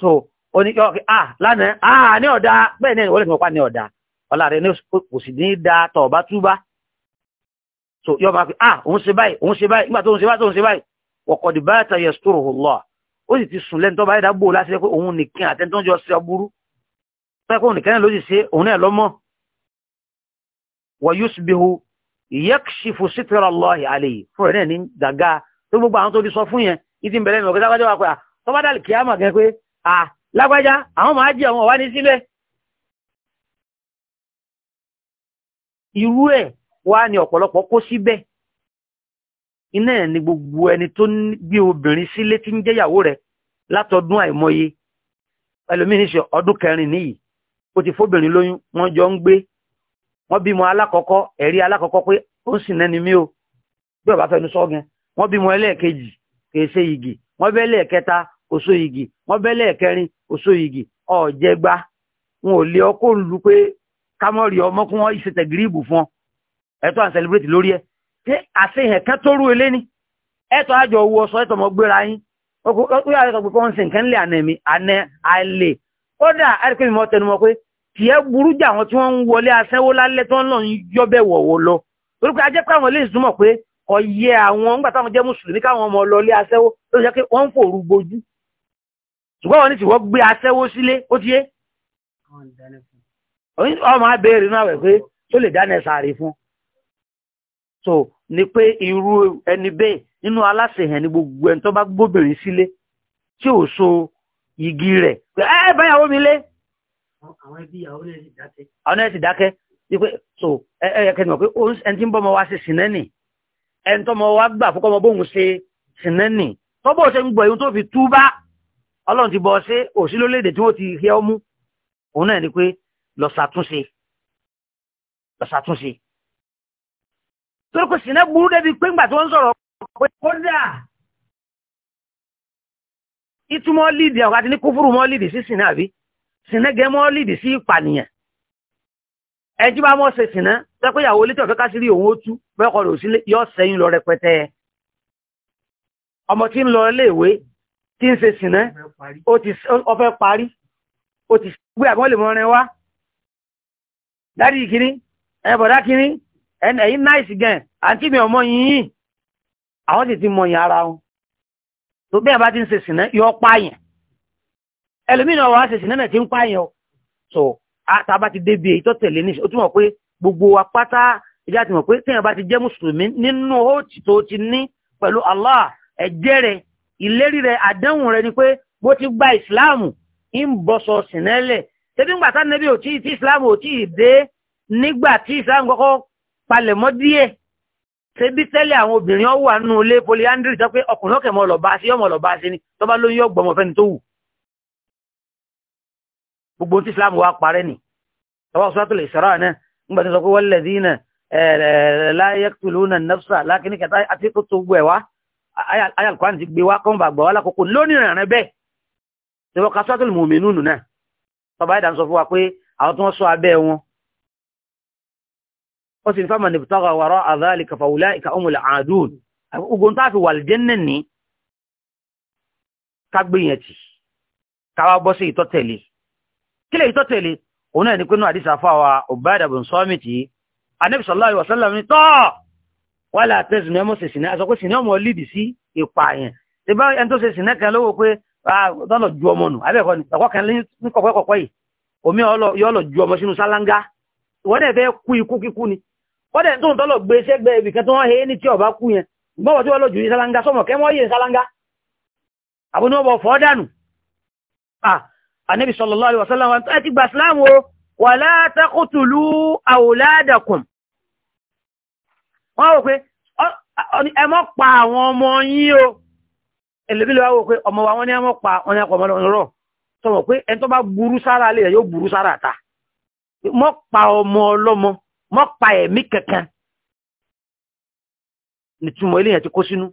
so oníkẹ́ ah lánàá ah ní ọ̀dà bẹ́ẹ̀ náà wọ́n lè fi wọ́n pa ní ọ̀dà ọlá rẹ̀ kò sì ní da tọ̀ọ̀bá túbá so yọ bá fi ah òun ṣe báyìí òun ṣe báyìí nígbà tó ń ṣe báyìí tó ń ṣe báyìí wọ̀kọ̀dì báyìí tàyẹ̀ stóró lọ ó sì ti sùn lẹ́nu tó báyìí dábò láti rẹ pé òun nìkan àtẹni tó ń jọ ṣe aburú pé kóun nìkan ló sì ṣe òun náà lọ́mọ́ wọ́n yóò bí hu ìyẹ́kṣìfù sítírà lọ́ọ̀hì àlè fún rẹ̀ náà ní gàgá tó gbogbo àwọn tó ti sọ fún yẹn ìdí ìbẹ̀rẹ̀ mi ọ̀gá irú ẹ̀ wá ní ọ̀pọ̀lọpọ̀ kó síbẹ̀ iná ẹ̀ ni gbogbo ẹni tó gbé obìnrin sílé tí ń jẹ́yàwó rẹ̀ látọdún àìmọye ẹlòmíín ní ṣe ọdún kẹrin nìyí ó ti fóbìnrin lóyún wọ́n jọ ń gbé wọ́n bímọ alakoko ẹ̀rí alákọ̀ọ́kọ́ pé ó sì nẹ́ni mí o bí ọba fẹnu sọ́gun wọ́n bímọ ẹlẹ́ẹ̀kejì kèése igi wọ́n bẹ́ lẹ́ẹ̀kẹta òṣó igi wọ́n bẹ́ lẹ́ẹ̀kẹrin oso igi ọ̀jẹgba wọn ò lù pé kámọ́rì ọmọ kún wọ́n ìṣẹ̀tẹ̀ gíríìbù fún ọ ẹ̀tọ́ à ń celebrate lórí ẹ̀ ṣé àṣehàn kan tó rú elé ni ẹ̀tọ́ àjọ owó ọsọ ẹ̀tọ́ ọmọ gbéra yín ó yà ẹ̀tọ́ pé kí wọ́n ń sin nǹkan lé àná mi àná àlè ó dà ẹ̀ríkẹ́ mi mọ́ tẹnu mọ́ pé kì í burú jà wọn tí wọ́n ń wọlé aṣẹ́wó lálẹ́ tó ń lọ yọ́bẹ̀ wọ̀wọ̀ lọ torí pé ajẹ́ pé àwọn ilé ìsúnmọ̀ pé ọyẹ àwọn ńgbà táwọn jẹ́ mùsùlùmí káwọn ọmọ lọ lé aṣẹ́wó ló jẹ́ pé wọ́n ń fòrú gbojú ṣùgbọ́n wọn ní tí wọ́n gbé aṣẹ́wó sílé ó ti yé ọmọ abẹ́rẹ́ náà wẹ̀ pé tó lè dáná sàárè fún so ni pé irú ẹni bẹ́ẹ̀ nínú ni gbogbo ẹni tó bá gbóbìnrin sílé tí ò so igi rẹ̀ pé ẹ báyàwó mi lé àwọn ẹbí àwọn ẹ̀sì dákẹ́ wípé so ẹ̀yẹ̀kẹ́ mọ̀ pé ẹni tí ń bọ́mọ wá sí sinẹ́nì ẹni gbà ṣe sinẹ́nì ṣe ń gbọ̀ tó fi túbá ọlọ́run ti bọ́ ti hẹ́ ọmú lọ ṣàtúnṣe lọ ṣàtúnṣe. torí kò sì náà burú débi pé ńgbà tó ń sọ̀rọ̀ pé kódà ìtumọ̀ lídìí àwọn àti ní kúfúrú mọ́ lídìí sí sìnà àbí sìnà gẹ́ mọ́ lídìí sí ìpànìyàn ẹjú bá mọ́ ṣe sìnà tẹ́kọ̀ ìyàwó létí ọ̀fẹ́ ká sí rí òun ó tú bẹ́ẹ̀kọ́ rò sí yọ sẹ́yìn lọ rẹpẹtẹ ọmọ tí ń lọ iléèwé tí ń ṣe sìnà ó ti ọfẹ́ parí ó ti gbé àbọ́lè mọ́rin wá dáàdì kìíní ẹbọ̀dá kiri kìíní ẹ̀yìn náìsì gan àǹtí mi ọmọ yìí àwọn ti ti mọ yìn ara wọn tó bẹ́ẹ̀ bá ti ń yọ náà ti ń ti débi èyí tó tẹ̀lé ní o tún mọ̀ pé gbogbo wa pátá ìjà ti mọ̀ pé bá ti jẹ́ mùsùlùmí nínú tó ti ní pẹ̀lú Allah ẹ̀jẹ̀ rẹ̀ ìlérí rẹ̀ àdéhùn rẹ̀ ni pé bó ti gba ìsìláàmù ń ṣebí ńgbà tá nẹ́bí ò tí tí islam ò tí ì dé nígbà tí islam kọ́kọ́ palẹ̀ mọ́ díẹ̀ ṣebí tẹ́lẹ̀ àwọn obìnrin ọ̀wà nù ilé polyandry sọ pé ọkùnrin ọ̀kẹ́ mọ́ lọ́ba sí ọmọ lọ́ba sí ni tó bá lóyún ọgbọ̀n ọmọfẹ́ni tó wù gbogbo tí islam wá parẹ́ nì ọwọ́ suratul Isra náà ńgbà tó sọ pé walladhina la yaqtuluna an-nafsa lákínní kẹta àti tó tó gbẹ̀ wá ayàlùkọ́ àti gbé wá kọ́ńbà gbọ́ wá lákòókò lónìí rẹ̀ rẹ̀ bẹ́ẹ̀ ṣe wọ́n ka suratul Mu'minun náà bàbá ìdá ń sọ fún wa pé àwọn tí wọ́n sọ abẹ́ wọn ó sì ní fáwọn ní bùtọ́gà wàrọ́ àdáàlì kàfàwùlá ìka ọmọlẹ̀ àádùn ogun tá a fi wà lìjẹ́nẹ̀ ní kágbìyànjì káwá bọ́ sí ìtọ́tẹ̀lé kílẹ̀ ìtọ́tẹ̀lé òun náà ní pínú àdísà fáwa Ubadah bin Samit yìí Ànábì sallallahu alaihi wasallam ní tọ́ wala ẹmọ́ sẹ̀sìn sìn Ah, lọ́lọ̀ ju ọmọ nù abẹ́ẹ̀kọ́ ni ẹ̀kọ́ kan ní kọ̀kọ́kọ̀kọ́ yìí omi yọ́lọ̀ ju ọmọ sínú sálángá wọ́n dẹ̀ fẹ́ kú ikú kíkú ni wọ́n dẹ̀ tó ń tọ́lọ̀ gbé ṣẹ́gbẹ́ ibì kan tó wọ́n he ní tí ọba kú yẹn gbọ́wọ́ tí wọ́n lọ jù ní sálángá sọ́mọ̀ kẹ́ wọ́n yé sálángá àbúni wọ́n bọ̀ fọ́ dànù ànábì sallallahu alaihi wasallam ẹ ti gbà sílámù o wala taqtulu awladakum wọ́n wò pé ẹ mọ́ pa àwọn ọmọ yín o ẹlẹ́bílẹ̀ wá wò pé ọmọ wa ni ní àmọ́ pa wọ́n ní àpọ̀ ọmọ ọ̀rọ̀ sọmọ pé ẹni tó bá burú sára lè yóò burú sára ta mọ́ pa ọmọ ọlọ́mọ mọ́ pa ẹ̀mí kankan nìtumọ̀ eléyàn ti kó sínú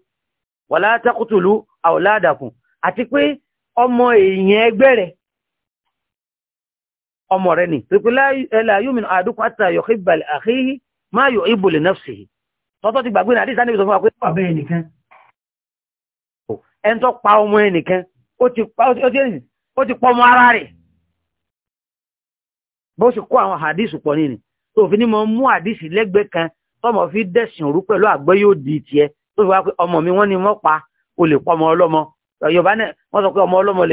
wala taqtulu awladakum àti pé ọmọ èèyàn ẹgbẹ́ rẹ̀ ọmọ rẹ̀ ni pípé la yu'minu ahadukum hatta yuhibba li akhihi ma yuhibbu li nafsihi tọ́tọ́ ti gbàgbé ní àdìsá níbi sọ fún wa pé. ọ̀bẹ ẹnìkan ẹni pa ọmọ ẹnìkan ó ti pa ọmọ ara rẹ̀ bó sì kó àwọn hadith pọ̀ nínú tó fi ní mọ mú hadith lẹ́gbẹ̀ẹ́ kan tọmọ fi dẹ̀sìn òru pẹ̀lú àgbẹ̀ yóò di tiẹ̀ tó fi wá pé ọmọ mi wọ́n ni wọ́n pa o lè pọ̀ ọmọ ọlọ́mọ yorùbá náà wọ́n sọ pé ọmọ ọlọ́mọ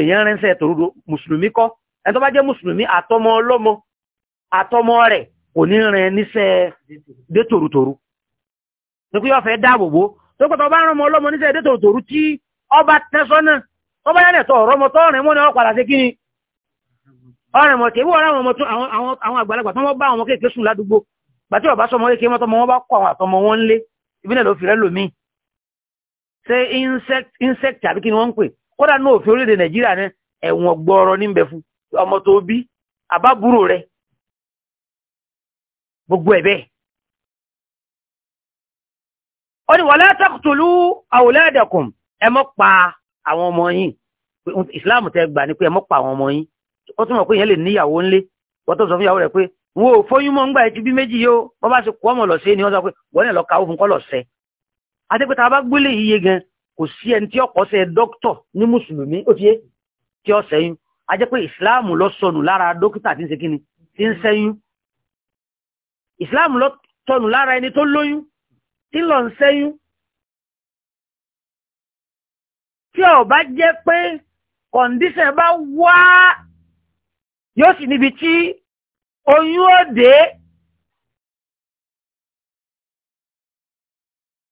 lè ọba tẹ́sọ́nà ọba yánẹ̀ tọ́ ọ̀rọ̀ mọ́tọ́ ọ̀rìn mọ́ ni ọ sí kí ni ọ̀rìn mọ̀ tí wọ́n ráwọn ọmọ àwọn àgbàlagbà tó wọ́n bá àwọn kéèké sùn ládùúgbò gbàtí ọba sọmọ kéèké mọ́tọ́ mọ́ wọ́n bá kọ àwọn àtọmọ wọn lé ìbílẹ̀ ló fi lòmí ṣe insect àbí kí ni wọ́n ń pè kódà náà òfin orílẹ̀ nàìjíríà ní gbogbo ẹ mọ́ pa àwọn ọmọ yín islam tẹ gbà ní pé ẹ mọ́ pa àwọn ọmọ yín ó túnmọ̀ pé ìyẹn lè níyàwó ńlé wọ́n tó sọ fún ìyàwó rẹ̀ pé wọn ò fọyún mọ́ ńgbà ẹjú bí méjì yóò wọ́n bá ṣe kọ́ ọmọ lọ́sẹ̀ ni wọ́n sọ pé wọ́n lè lọ ka òfin kọ́ lọ́sẹ̀ àti pé tá a bá gbélé iye gan kò sí ẹni tí ọkọ̀ ṣe dókítọ̀ ní mùsùlùmí ó ti yé tí ó ṣẹ́yún a jẹ́ pé ìsìláàmù lọ sọnù lára dókítà tí ń ṣe kíni tí ń ṣẹ́yún ìsìláàmù lọ sọnù lára ẹni tó lóyún tí lọ ń ṣẹ́yún tí ó bá jẹ́ pé kọ̀ǹdíṣẹ̀ bá wá yóò sì níbi tí oyún ó dé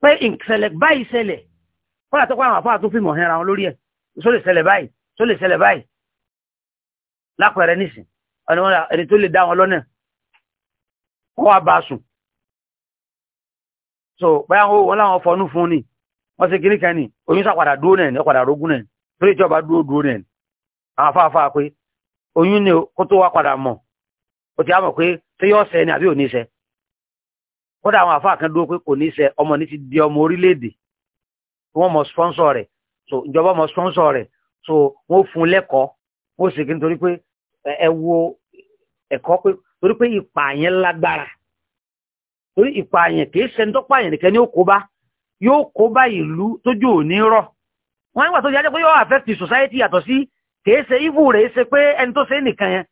pé ìṣẹ̀lẹ̀ báyìí ṣẹlẹ̀ fọ́nà tó pàwọn àfáà tó fìmọ̀ hẹ́ra wọn lórí ẹ̀ tó lè ṣẹlẹ̀ báyìí tó lè ṣẹlẹ̀ báyìí lápẹ̀rẹ̀ nìsìn ẹni tó lè dá wọn lọ́nà wọ́n wá bá sùn so báyà wọn láwọn fọnú fún ni wọ́n ṣe kìíní kan ní oyún sàpadà dúró náà ní ọ̀padà rógún náà torí ìjọba dúró dúró náà àwọn afáfá pé oyún ni kó tó wá padà mọ̀ o ti pé tí sẹ ni àbí ò ní kódà àwọn afáà kan pé kò ní ọmọ di ọmọ orílẹ̀-èdè wọ́n mọ̀ sponsor so ìjọba mọ̀ sponsor rẹ̀ so wọ́n fún lẹ́kọ̀ọ́ wọ́n sì pé ẹ wo ẹ̀kọ́ pé torí pé ìpààyàn lágbára torí ìpààyàn kì í yóò kó bá ìlú tójú òní rọ̀ wọ́n nígbà tó yájẹ́ pé yóò affect society yàtọ̀ sí kìí ṣe ivu rẹ̀ ṣe pé ẹni tó ṣe nìkan yẹn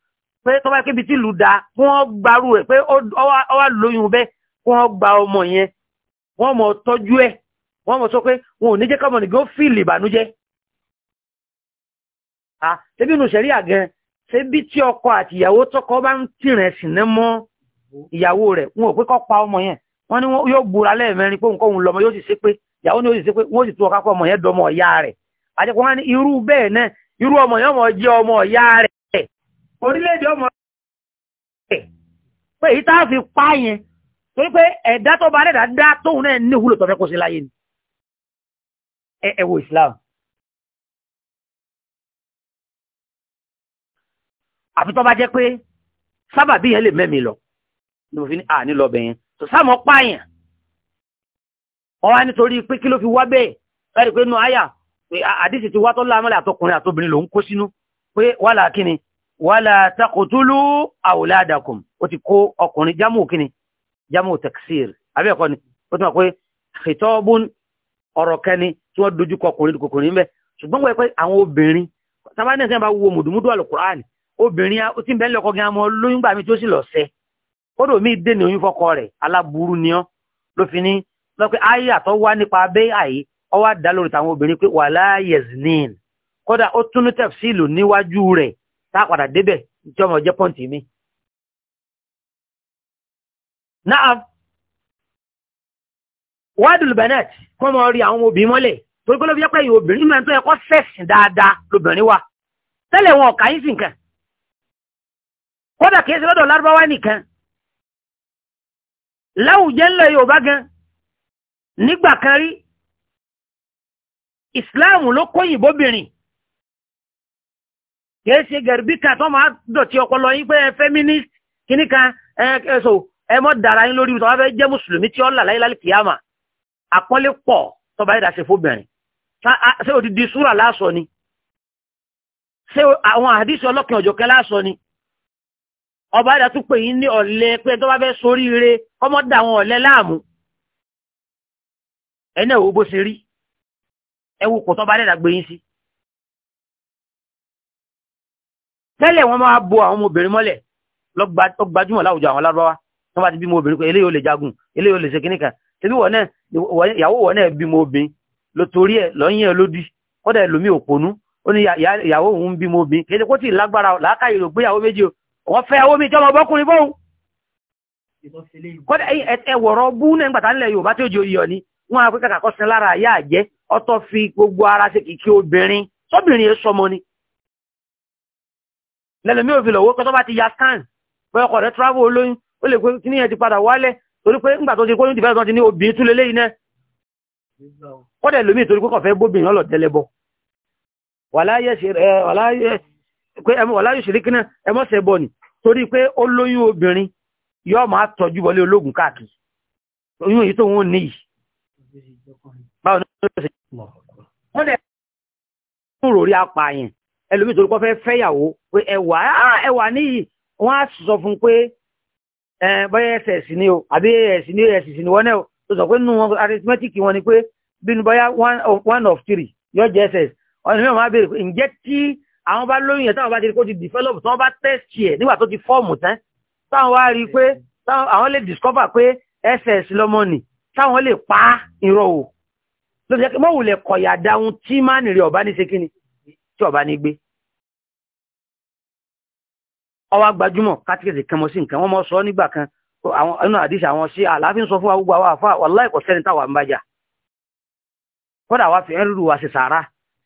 pé tó bá kébi tí lù dá wọ́n gbarú rẹ̀ pé ó wá lóyún bẹ́ wọ́n gba ọmọ yẹn wọ́n mọ̀ tọ́jú ẹ̀ wọ́n mọ̀ sọ pé wọn ò ní jẹ́ kọ́mọ̀ nìkan ó fìlì ìbànújẹ́ ṣebí inú ṣẹ̀rí àgẹ́ ṣebí tí ọkọ àti ìyàwó tọkọ bá ń tìrẹ̀ sí ní mọ́ ìyàwó rẹ̀ wọn ò pé kó pa ọmọ yẹn wọ́n ní yóò búra lẹ́ẹ̀mẹ́rin pé nǹkan òun lọ́mọ yóò sì ṣe pé ìyàwó ni yóò sì ṣe pé wọ́n sì tún ọ̀ká pọ̀ ọmọ yẹn dọmọ ọ̀yá rẹ̀ àjẹpọ̀ wọn ní irú bẹ́ẹ̀ náà irú ọmọ yẹn ọmọ jẹ́ ọmọ ọ̀yá rẹ̀ orílẹ̀-èdè ọmọ rẹ̀ pé èyí tá a fi pa yẹn torí pé ẹ̀dá tó bá rẹ̀dá dá tóun náà ní tó fẹ́ kó sí láyé ni ẹ wo Islam àfi tó bá jẹ́ pé sábàbí yẹn lè mẹ́mi lọ ni mo fi ní àní lọ bẹ̀yẹn sọ́sàmọ́ pààyàn wọ́n wá nítorí pé kí ló fi wá bẹ́ẹ̀ láti pé nù àyà pé àdísì ti wá tó lámọ́lẹ̀ àtọkùnrin àtobìnrin ló ń kó sínú pé wàlà kíni wàlà takòtúlù àwòládàkùn ó ti kó ọkùnrin jámù kíni jámù tẹ̀kṣìr abẹ́ẹ̀kọ́ ni ó ti mọ̀ pé ṣètọ́bùn ọ̀rọ̀ kẹni tí wọ́n dojú kọ ọkùnrin kòkòrò ńbẹ ṣùgbọ́n wọ́n pẹ́ àwọn obìnrin sábà náà sẹ́yìn bá wo mùdùmúdù àlùkùránì obìnrin ó ti ń bẹ́ẹ̀ lọ́kọ kódò mí dé ní oyún fọ́kọ rẹ̀ aláburú ni ló fi ní lọ́pẹ́ ayé wá nípa abẹ́ àyè ọwá dá lórí tàwọn obìnrin pé wà láyẹ̀znín kódà ó tún ní níwájú rẹ tá a padà débẹ tí ọmọ jẹ́ pọ́ǹtì mi. náà wádùn kọ́ rí àwọn obìnrin mọ́lẹ̀ torí pé ló fi pé obìnrin mẹ́rin tó yẹ dáadáa lóbìnrin wa tẹ́lẹ̀ láwùjẹ́ ńlẹ̀ Yorùbá gan nígbà kan rí ìsìláàmù ló kóyìnbó bìnrin kìí ṣe gẹ̀rìbíkà tó máa dọ̀tí ọpọlọ yín pé feminist kìníkà ẹ̀ẹ́sọ̀ ẹmọ́ dára yín lórí tó wá fẹ́ jẹ́ mùsùlùmí tí ó là láyé lálẹ́ kìyàmà àpọ́nlé pọ̀ tó bá yẹ́dà ṣe fóbìnrin ṣé odidi súrà lásọ ni ṣé àwọn àdíṣe ọlọ́kìn ọ̀jọ̀kẹ́ lásọ ni ọba àdá tún pè yín ní ọ̀lẹ pé tó bá fẹ́ sórí ire ọmọ dà wọn ọ̀lẹ láàmú ẹni ẹ̀wò bó ṣe rí ẹwù kò tọ́ba àdá gbé yín sí. tẹ́lẹ̀ wọ́n máa bo àwọn ọmọbìnrin mọ́lẹ̀ lọ gbajúmọ̀ láwùjọ àwọn lárúbáwá wọ́n bá ti bímọ obìnrin pé eléyìí ò lè jagun eléyìí ò lè ṣe kíní kan ebi wọ̀ náà ìyàwó wọ̀ náà bímọ obìnrin ló torí ẹ̀ lọ́yìn ẹ̀ lódì kọ́dà ẹlòmíì òpònú ó ní ìyàwó òun bímọ obìnrin kéde kó tì lágbára làákàyè rò gbéyàwó méjì o wọ́n fẹ́ owó mi jọmọ bọ́kùnrin bóhun kọ́dá ẹwọ̀rọ̀ bú náà gbàtà nílẹ̀ bá tí ó jẹ́ oyè ọ̀ní wọ́n á pé kàkà lára àyà àjẹ́ fi gbogbo ara ṣe kìkì obìnrin sóbìnrin sọmọ ni lẹ́lẹ̀mí ya pé ẹmọ wà láyò ṣèlékí náà ẹmọ ṣe bọ ni torí pé ó lóyún obìnrin yóò máa tọ́jú wọlé ológun káàkiri oyún èyí tó wọn ní yìí báwo ni ó ṣe wọ́n dẹ̀ ń rò rí apààyàn ẹlòmí torí pọ́ fẹ́ fẹ́yàwó pé ẹwà ah, ẹwà níyì wọ́n á sọ fún pé bọ́yá ẹsẹ̀ sí ni o àbí ẹsẹ̀ ni ẹsẹ̀ sí ni wọ́n náà tó sọ pé nínú wọn arithmetic wọn ni pé bí ní one of three yóò jẹ́ ẹsẹ̀ ọ̀nà mìíràn máa béèrè pé ǹjẹ́ tí àwọn bá lóyún yẹn táwọn bá ti rí kó ti develop tí wọ́n bá test yẹ nígbà tó ti fọ́ọ̀mù tán táwọn wá rí i pé àwọn lè discover pé ss lọ́mọ nì táwọn lè pa irọ́ o ló fi jẹ́ pé mọ́wùlẹ̀ kọ̀yà dáhùn tí máa nìrí ọ̀bá ní sekínì tí ọ̀bá ní gbé ọwá gbajúmọ̀ kátìkẹ̀sì kan mọ́ sí nǹkan wọ́n mọ́ sọ nígbà kan àwọn inú àdíṣà àwọn sí àláfíìn sọ fún wa gbogbo àwọn àfáà wàláì kò sẹ́ni táwa ń bájà kódà wá fi ẹrù wa ṣe sàárà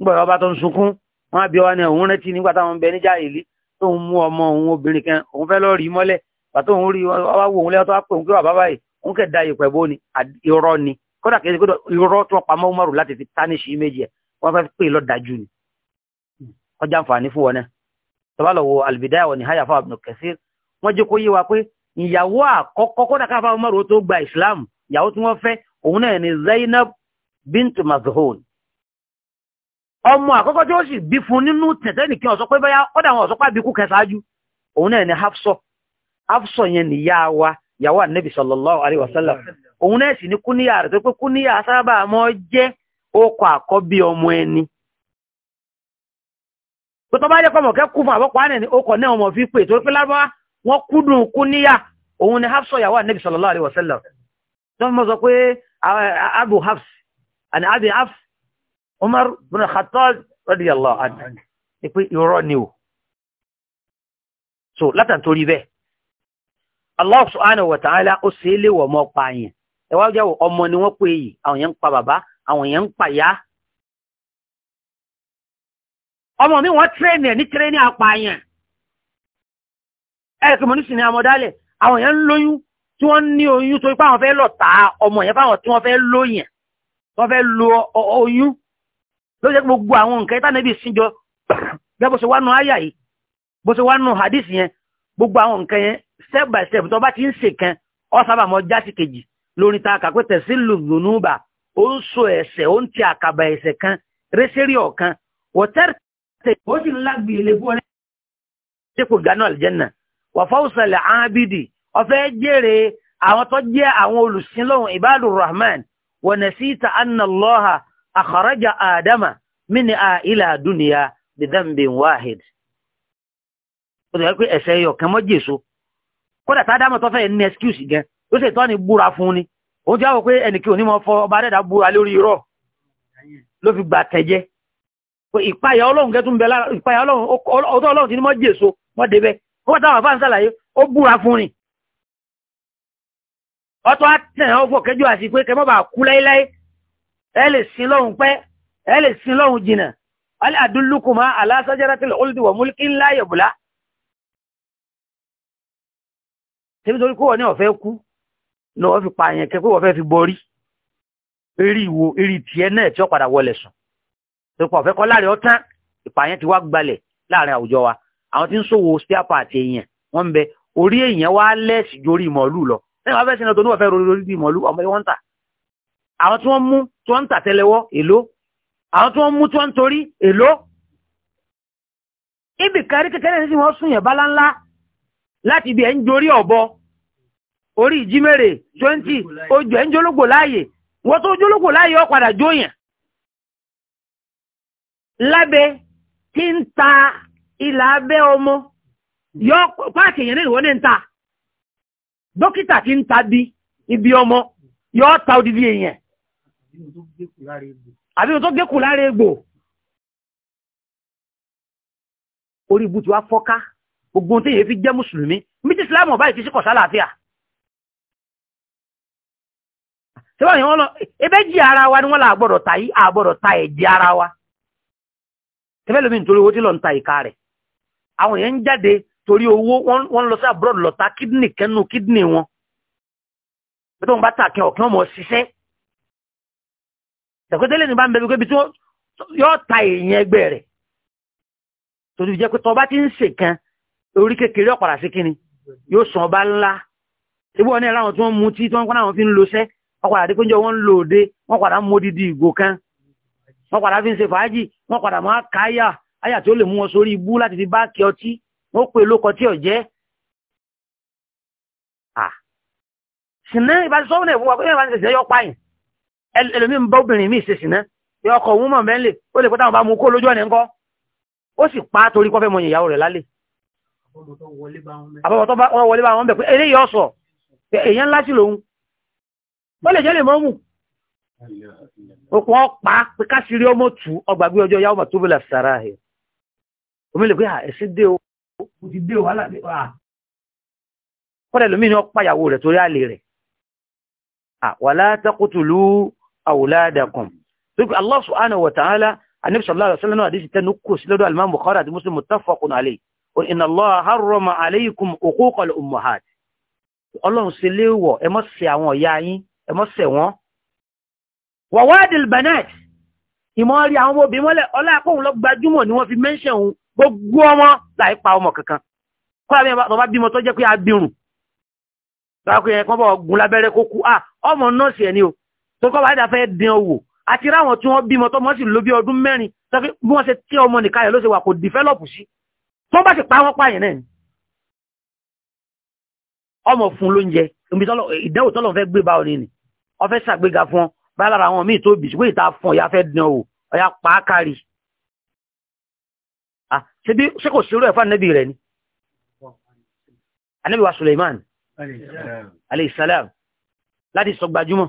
nígbàtà ọba tó ń sunkún wọn á bí wa ní òun rántí nígbà táwọn bẹ níjà ìlú tó ń mú ọmọ òun obìnrin kan òun fẹ́ lọ rí mọ́lẹ̀ pàtó òun rí ọba wo òun lẹ́yìn tó wá pé òun kí wà bàbá yìí òun kẹ̀ da ìpẹ́ bó ni irọ́ ni kódà kìí ṣe kódà irọ́ tó pamọ́ Umaru láti fi tánìṣì méjì ẹ̀ wọ́n fẹ́ pè lọ dájú ni ọjà àǹfààní fún wọn náà tọ́ba lọ wo al-Bidaya wa Nihaya fún Ibn Kathir wọ́n jẹ́ kó yé wa pé ìyàwó àkọ́kọ́ kódà káfà Umaru tó gba Islam ìyàwó tí wọ́n fẹ́ òun náà ni Zainab bint Mazhun ọmọ àkọ́kọ́ tí ó sì bí fún nínú tẹ̀tẹ́nì kí ọ̀sọ́ pé báyá ọ̀dà àwọn ọ̀sọ́ pàbí kú kẹsàájú òun náà ni Hafsọ Hafsọ yẹn ni yá wa yàwó ànẹ́bì òun náà sì ní kúníyà rẹ̀ tó pé kúníyà sábà jẹ́ àkọ́bí ọmọ ẹni bá fún àbọ̀pọ̀ àná ni okọ̀ náà ọmọ fi pè tó pé lábá wọn kúdùn kúníyà Umar bin Khattab radiyallahu anhu ni pé irọ́ ni o so látàn torí bẹ́ẹ̀ Allah subhanahu wa ta'ala ó sì é léwọ̀ ọmọ pààyàn ẹwà jẹ́ ọmọ ni wọ́n pè yìí àwọn èèyàn ń pa bàbá àwọn èèyàn ń pa ìyá ọmọ mi wọ́n tírẹ́nì ẹ̀ ní tírẹ́nì apààyàn ẹ̀ẹ́dẹ̀kẹ́ mọ̀ ní sinimá ọmọdálẹ̀ àwọn èèyàn ń lóyún tí wọ́n ní oyún torí pé àwọn fẹ́ lọ ta ọmọ yẹn fáwọn tí wọ́n fẹ́ lóyìn wọ́n fẹ́ lo oyún ló jẹ́ gbogbo àwọn nǹkan ìtànẹ́bì síjọ gẹ́gẹ́ bó ṣe wá nù áyà yìí bó ṣe wá hadith yẹn gbogbo àwọn nǹkan yẹn step by step tó bá ti ń ṣe kan ọ sábà mọ jásí kejì lórí ta kà pé tẹ̀sí lùdùnúbà ó ń so ẹ̀sẹ̀ ó ń ti àkàbà ẹ̀sẹ̀ kan résérí ọ̀kan wọ́tẹ́rẹ̀ ó sì ń lágbè ilé fún ọ̀rẹ́ dípò gánà àlìjẹ́nà wà ábídì ọ̀fẹ́ jèrè àwọn tó jẹ́ àwọn olùsìn lọ́hùn ìbádùn rahman wọ̀nà síta anna àkọ̀rọ̀jà adama mí ni duniya ilà dúnìyà bìdánbìn wáhid ó ti rẹ̀ pé ẹ̀sẹ̀ ẹyọ kan mọ́ jésù kódà tá dámọ̀ tó fẹ́ ní excuse gan o sì ni búra fún ni ti á wò pé ẹnìkí ò fọ ọba adẹ́dà búra lórí irọ́ ló fi gba tẹ̀jẹ́ ìpayà ọlọ́run kẹ́ tún bẹ lára ìpayà ọlọ́run ọtọ́ ọlọ́run ti ní mọ́ jésù mọ́ débẹ̀ ó bá táwọn afáàn sàlàyé ó búra fún ni ọtọ́ àtẹ̀yàn ọgbọ̀ ẹ lè sin lọ́hùn pẹ́ ẹ lè sin lọ́hùn jìnà hal adullukum ala shajaratil khuldi wa mulkin la yabla. tẹ́bí torí kó wọ́n ní ọ̀fẹ́ kú ní wọ́n fi pa àyàn kẹ́ pé wọ́n fẹ́ fi borí eré ìwo eré tiẹ̀ náà tí ó padà wọlé sùn tó pa ọ̀fẹ́ kọ́ láàrin ọ̀tán àwọn tí ń ṣòwò spare part èèyàn wọ́n ń bẹ orí èèyàn wá lẹ́sì jórí mọ̀ọ́lù lọ lẹ́yìn wọ́n fẹ́ sinmi tó ní wọ́n fẹ́ rori lórí ọmọ yẹn wọ́n àwọn tí wọ́n mú tí wọ́n ń tàtẹ́lẹwọ́ èló àwọn tí wọ́n mú tí wọ́n ń torí èló ibì kárí kékeré ní sí wọ́n sún bálá ńlá láti ibi ẹ̀ jorí ọ̀bọ orí twenty ojú ẹ̀ ń láàyè wọ́n tó láàyè jóyàn lábẹ́ tí ń ta abẹ́ ọmọ yọ páàkì yẹn nínú ibi ọmọ yọ ta odidi èèyàn àbí ohun tó gé kù lára egbò orí ibu ti wá fọ́ká gbogbo tí èyí fi jẹ́ mùsùlùmí mítí islam ọ̀bá ìfisí kọ̀ sálàáfíà tí wọ́n yìí wọ́n lọ ebé jí ara wa ni wọ́n là àgbọ̀dọ̀ ta yí àgbọ̀dọ̀ ta ẹ̀jẹ̀ ara wa tẹ́fẹ́ lómi nítorí owó tí lọ ń ta ìka rẹ̀ àwọn èèyàn ń jáde torí owó wọ́n lọ sí abroad lọ ta kídìnì kẹ́nu kídìnì wọn pé ń bá ta kí ọ̀kí ọmọ ṣiṣẹ́ tẹ̀kọ́tẹ́lẹ̀ ní bá ń bẹ̀rù pé tí yóò ta èèyàn ẹgbẹ́ rẹ̀ torí jẹ́ pé tọba ti ń ṣe kan orí kékeré ọ̀pàdà sí kíni yóò sàn ọba ńlá ibú ọ̀nà ẹ̀rọ àwọn tí wọ́n mú tí wọ́n kọ́nà àwọn fi ń lo sẹ́ wọ́n padà dé péjọ wọ́n ń lo òde wọ́n padà mú odidi ìgò kan wọ́n padà fi ń ṣe fàájì wọ́n padà máa káyà áyà tí ó lè mú wọn sórí ibú láti fi báàkì ọtí wọ́n pè lóko tí ò jẹ́ sinẹ́ ìbáṣọ́wọ́n ẹ̀ fún wa pé ìbáṣọ́wọ́n ẹ̀ yọ pààyàn ẹlòmí ń bá obìnrin mi ṣe sìnà ọkọ òun mọ̀ mẹ́lẹ̀ ó lè pẹ́tàwọn bá mú kó lójú ọ̀nà ńkọ́ ó sì pa torí kọ́fẹ́ mọ ìyàwó rẹ̀ lálẹ́ àbọ̀bọ̀ tó wọlé bá wọn bẹ̀ pé eléyìí ọ̀sọ̀ èèyàn ńlá sí lòun ó lè jẹ́ lè mọ́mù okùn ọ̀pá pé káṣírí ọmọ tù ọgbàgbé ọjọ́ yàwó mà tó bẹ̀lẹ̀ sára ẹ̀ omi lè pé ẹ̀sìn dé o ó ti dé o wàhálà dé o kọ́dẹ̀ lómi pàyàwó rẹ̀ torí àlè rẹ̀ wàlá taqtulu awladakum pípẹ́ Allah subhanahu wa ta'ala anabi sallallahu alaihi wasallam àdìsí tẹnu kò sí lọ́dọ̀ alimami bukhari àti muslim muttafaqun alayhi inna Allah harrama alaykum huquqal ummahat ọlọ́run ṣe léèwọ̀ ẹ má ṣe àwọn ọ̀yá yín ẹ má ṣe wọ́n. wàwádìí bennett ìmọ̀ rí àwọn obìnrin mọ́lẹ̀ ọláàpọ̀hún lọ gbajúmọ̀ ni wọ́n fi mẹ́ṣẹ̀ òun gbogbo ọmọ láì pa ọmọ kankan kọ́ àmì bàbá bímọ tó jẹ́ pé abirùn láàpọ̀ yẹn kọ́ bọ̀ gun lábẹ́rẹ́ kó kú ah, ọmọ nọ́ọ̀sì ẹ̀ ni o tó kọ́ bàdà fẹ́ dín owó àti ráwọn tí wọ́n bímọ tọ́mọ sì lò bí ọdún mẹ́rin bí wọ́n ṣe tí ọmọ nìkan ló ṣe wà kò dìfẹ́lọ̀pù sí tó bá sì pa wọ́n pààyàn náà ni ọmọ fún lóúnjẹ ìdẹ́wò tọ́lọ̀ fẹ́ gbé bá òní ni wọ́n fẹ́ ṣàgbéga fún ọ bá lára àwọn míì tó bì sí pé ìta fún ọ̀yà fẹ́ dín owó ọ̀yà pa á kárí ṣebí ṣé kò ṣerú ẹ̀ fún ànẹ́bì rẹ̀ ni ànẹ́bì wa Suleiman aleyhisalaam láti sọ gbajúmọ̀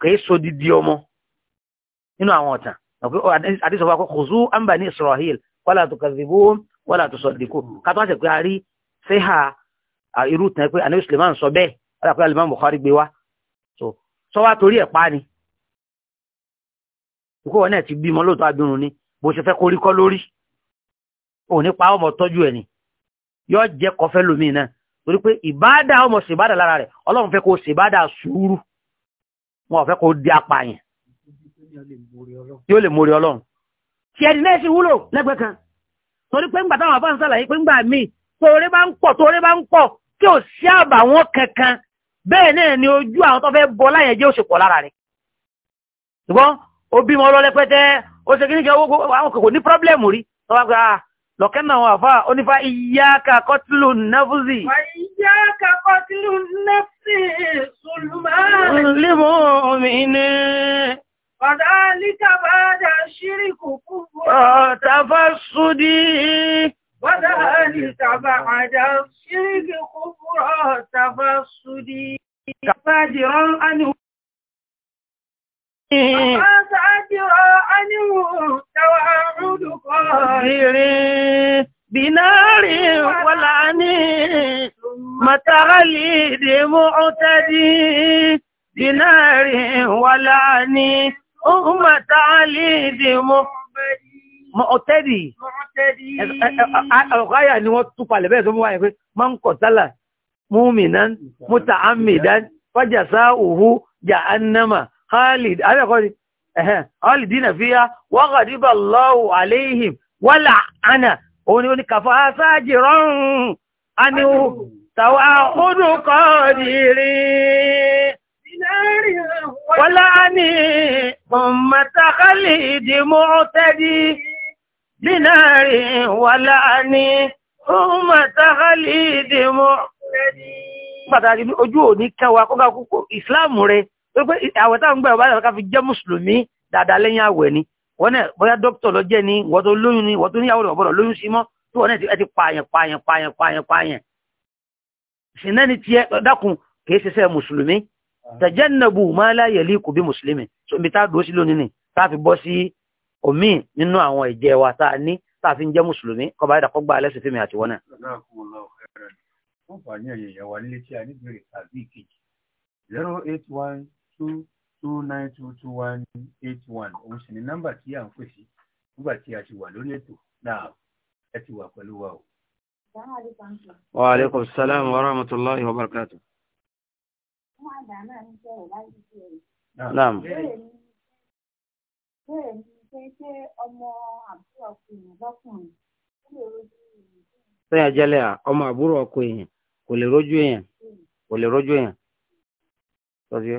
kìí di didi ọmọ nínú àwọn ọ̀tàn àdísọ̀ wa kò zú àmbà ní Israel wàlà tó kàzìbó wàlà tó sọ̀dìkò kátó àṣẹ pé a rí síhà irú tàn pé àníwò Suleiman sọ bẹ́ẹ̀ wàlà pé alimami Bukhari gbé wa sọ wá torí ẹ̀ pa ni ìkó wọn náà ti bímọ lóòótọ́ abirùn ni bó ṣe fẹ́ koríkọ́ lórí ò ní pa ọmọ tọ́jú ẹ̀ ni yóò jẹ́ kọfẹ́ lómi náà torí pé ìbádà ọmọ ṣèbádà lára rẹ̀ ọlọ́run fẹ́ kó ṣèbádà sùúrù wọn ò fẹ́ kó di apààyàn yóò lè mórí ọlọ́run tí ẹni náà sì wúlò lẹ́gbẹ̀ẹ́ kan torí pé ńgbà táwọn afáàní sàlàyé pé ńgbà míì torí bá ń pọ̀ torí bá ń pọ̀ tí ò sí àbàwọ́n kankan bẹ́ẹ̀ náà ni ojú àwọn tó fẹ́ bọ́ láyẹn jẹ́ òṣèpọ̀ lára rẹ̀ ṣùgbọ́n ó bímọ lọ lẹ́pẹ́tẹ́ ó ṣe kí ní kí àwọn kòkò ní pírọ́blẹ̀mù rí tọ́wọ́ pé ah, lọ̀kẹ́nà àwọn àfá onífá ìyáka kọtílù náfúsì ìyáka kọtílù náfúsì sùlùmáà límọ̀ omi ní ọ̀dá líkàbádà ṣírí kùkú ọ̀tàfà súdí ọ̀dá líkàbádà ṣírí kùkú ọ̀tàfà súdí ìbájì rán ánìwò فأتأجرا عنه توعد قادر بنار ولعن متغليد معتدي بنار ولعن أمة عليد mọ̀ọ̀tẹ́dì ọ̀gáyà ni wọ́n tún palẹ̀ bẹ́ẹ̀ tó mú wáyé pé máa ń kọ̀tálà múmìnán mútàámìdán fájàsá òhú jà annama khalid abẹ́ẹ̀kọ́ ni khalidina fiha wa ghadiba Allahu alayhim wa la'ana òun ni ó ní kàfọ́ asáàjì rọrùn aniwu tàwa ọdún kọ́ọ̀dìrí wa la'ani ummata khalid mu'tadi bínárì wa la'ani ummata khalid mu'tadi pàtàkì ojú òní kẹwàá kọ́kọ́ ìsìláàmù rẹ̀ pé àwẹ̀ táwọn gbà wà láti fi jẹ́ mùsùlùmí dáadáa lẹ́yìn àwẹ̀ ni wọ́n náà bóyá dókítà lọ jẹ́ ni wọ́n tó lóyún ni wọ́n tó níyàwó rẹ̀ bọ̀rọ̀ lóyún sí mọ́ tí wọ́n náà ti pààyàn pààyàn pààyàn pààyàn pààyàn sinani tiẹ̀ dákun kìí ṣe sẹ́ mùsùlùmí tajannabu ma la yaliqu bi mùsùlùmí so mi ta dúró sí lónìí ni tá a fi bọ́ sí omi nínú àwọn ìjẹ́ wa tá a ní tá a fi ń jẹ́ mùsùlùmí kọba ìdàkọ́ gba alẹ́sìn fèmí àti wọn náà two two nine two two one eight one òun sì ni nọ́mbà tí à ń pè sí nígbà tí a ti wà lórí ètò náà ẹ ti wà pẹ̀lú wa o. wa aleykum salaam wa rahmatulahi wa barakatu. Naam. Bẹ́ẹ̀ ni pé ṣé ọmọ àbúrò ọkùnrin lọ́kùnrin kò lè rojú èèyàn? Sẹ́yìn ajẹ́lẹ̀ à, ọmọ àbúrò ọkùnrin kò lè rojú èèyàn. Kò lè rojú èèyàn. Sọ́jú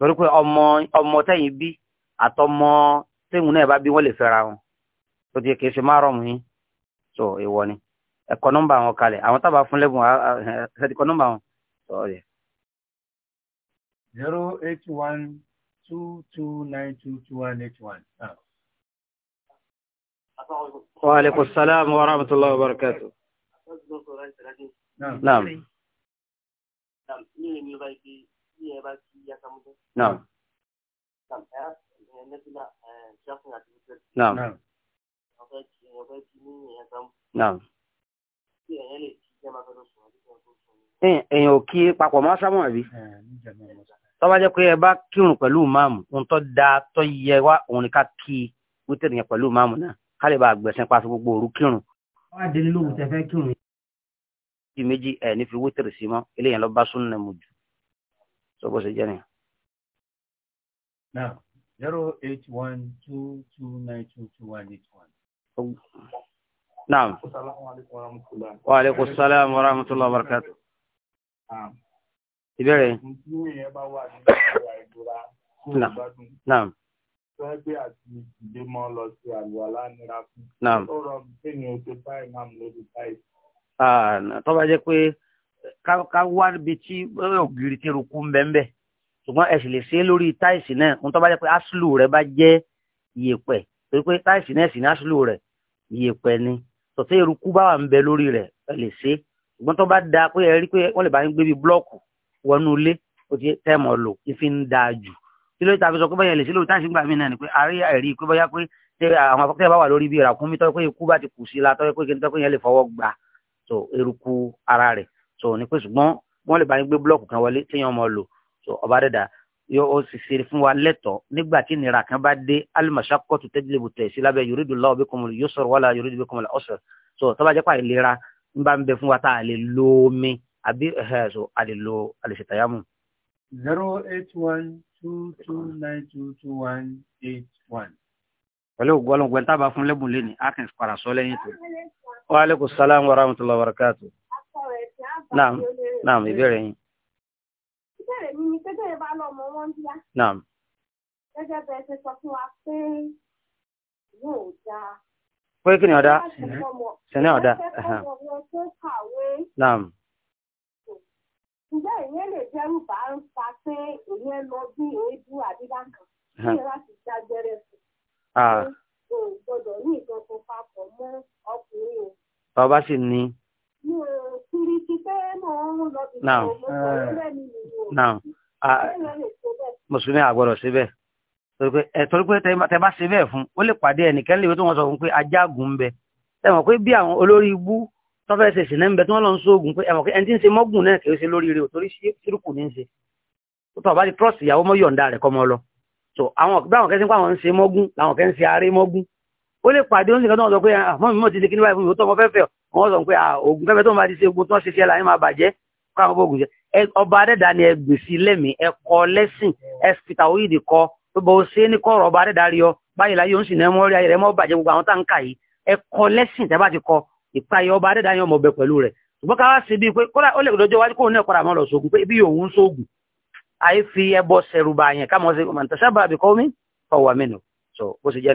torí pé ọmọ ọmọ tẹ́yìn bí àtọmọ tẹ́yìn náà bá bí wọ́n lè fẹ́ra wọn tó ti kìí ṣe máa rọ̀mù yín so ìwọ ni ẹ̀kọ́ nọ́mbà wọn kalẹ̀ àwọn tábà fún lẹ́bùn ẹ̀kọ́ nọ́mbà wọn sọ ọ̀rẹ́. zero eight one two two nine two two one eight one. Ah. wa aleykum salaam wa rahmatullahi wa barakatu. naam. naam. نعم نعم نعم èèyàn ò kí papọ̀ mọ́ sámọ̀ rí eh, tó bá jẹ́ pé ẹ bá kírun pẹ̀lú máàmù ohun tó da tó yẹ wá òun ni ká kí wítìrì yẹn pẹ̀lú máàmù náà ká lè bá gbẹ̀sẹ̀ pàṣẹ gbogbo òru kírun. wọ́n á dé ní lóhùn tẹ́fẹ́ kírun. méjì ẹ̀ ní fi wítìrì sí mọ́ eléyàn lọ bá súnmọ́ mu jù sọ bó now zero eight one two two nine two two one eight one. Oh. naam. wa aleykum salaam wa rahmatulah wa barakatu. ìbéèrè. naam. naam fẹ́gbẹ́ àti ìdímọ́ lọ sí àlùwàlá nira fún. Tó rọrùn kí ni o ti bá ìmáàmù lórí báyìí. Ah, tó jẹ́ pé ká wá níbi o ògiri ti rúkú ńbẹ́ńbẹ́ ṣùgbọ́n ẹ sì lè ṣe é lórí táìsì náà ohun tó bá jẹ́ pé áṣìlù rẹ̀ bá jẹ́ iyẹ̀pẹ̀ torí pé táìsì náà sì ní áṣìlù rẹ̀ iyẹ̀pẹ̀ ni tọ̀tẹ́ eruku bá wà ń bẹ lórí rẹ̀ ẹ lè ṣe ṣùgbọ́n tó bá da pé ẹ rí pé wọ́n lè bá ń gbé bí blọ́ọ̀kù wọnú ilé ó ti tẹ́mọ̀ lò ìfi ń da jù kí ló tàbí sọ pé báyẹn lè ṣe lórí táìsì gbà mí náà ni pé àárí ẹ̀rí pé bóyá pé ṣé àwọn afọ́kẹ́ bá wà lórí bí ìràkúnmí tọ́ pé ikú bá ti kù sí i la tọ́ pé kí so ní pé ṣùgbọ́n wọ́n lè bá yín gbé búlọ́ọ̀kù kan wọlé tí yẹn mọ̀ lò so ọba dẹ́dà yóò ó sì ṣe fún wa lẹ́tọ̀ọ́ nígbà tí ìnira kan bá dé alimasakọ́tù tẹ́jìlẹ́bù tẹ̀ sí lábẹ́ yuridu Allahu bikumul yusra wala yuridu bikumul usra so tọ́ba jẹ́ pa ìlera ń bá ń bẹ fún wa tá a lè lo omi àbí ẹ̀hẹ́ eh, so a lè lo a lè ṣètàyàmù. zero eight one two two nine two two one eight one. pẹ̀lú ògbọ́lọ́gbọ́n tábà fún lẹ́bùn lẹ́ni akins parasọ́ lẹ́yìn tó. wa aleykum salaam wa rahmatullahi wa barakatuh naam naam ìbéèrè yín. ìbéèrè mi ni kékeré bá lọ ọmọ wọn bíyá. naam. gẹ́gẹ́ bẹ́ẹ̀ ṣe sọ fún wa pé yóò dáa. pé kí ni ọ̀dà sẹ́ni ọ̀dà. naam. ǹjẹ́ ìyẹn lè jẹ́rù bá ń fa pé ìyẹn lọ bí èédú àdídá kan kí ẹ láti dágbẹ́rẹ́ fún un. gbọ́dọ̀ ní ìtọ́jú papọ̀ mọ́ ọkùnrin o. bàbá sì ní now now mùsùlùmí àgbọ̀dọ̀ síbẹ̀ torí pé tẹ bá síbẹ̀ fún ó lè pàdé ẹnìkan lè tó wọn sọ fún pé ajágun ń bẹ ẹmọ̀ pé bí àwọn olórí ibú tọ́fẹ́ ṣe sì náà ń bẹ tí wọ́n lọ ń sóògùn pé ẹmọ̀ pé ẹni tí ń ṣe mọ́gùn náà kìí ṣe lórí rẹ̀ torí ṣírùkù ní ń ṣe tó tọ̀ bá ti trọ́ọ̀sì ìyàwó mọ́ yọ̀ǹda rẹ̀ kọ́mọ lọ so àwọn bí àwọn kẹsí ń ń ṣe mọ́gùn làwọn kẹ́ ń ṣe ó lè pàdé oúnjẹ kan tó wọn sọ pé àmọ́ ah, mi ti ṣe kí báyìí fún mi ó tọ́ ọmọ fẹ́fẹ́ wọ́n sọ pé ogun pẹ́pẹ́ tó ń bá ti ṣe ogun tó ń ṣe ṣe láyé máa bàjẹ́ kó àwọn ogun ṣe ọba adẹ́dà ni ẹ gbèsè lẹ́mìí ẹ kọ lẹ́sìn ẹ fìtà òyìnbí kọ tó bọ́ ṣe ní kọ́rọ̀ ọba adẹ́dà rí ọ báyìí láyé ó ń sì ní ẹmọ rí ayẹyẹ mọ́ bàjẹ́ gbogbo àwọn táǹkà yìí ẹ kọ lẹ́sìn tẹ́ bá ti kọ ìpayọ ọba adẹ́dà yẹn ọmọ ọbẹ̀ pẹ̀lú rẹ̀ ṣùgbọ́n ká wá sí bíi so bó ṣe jẹ́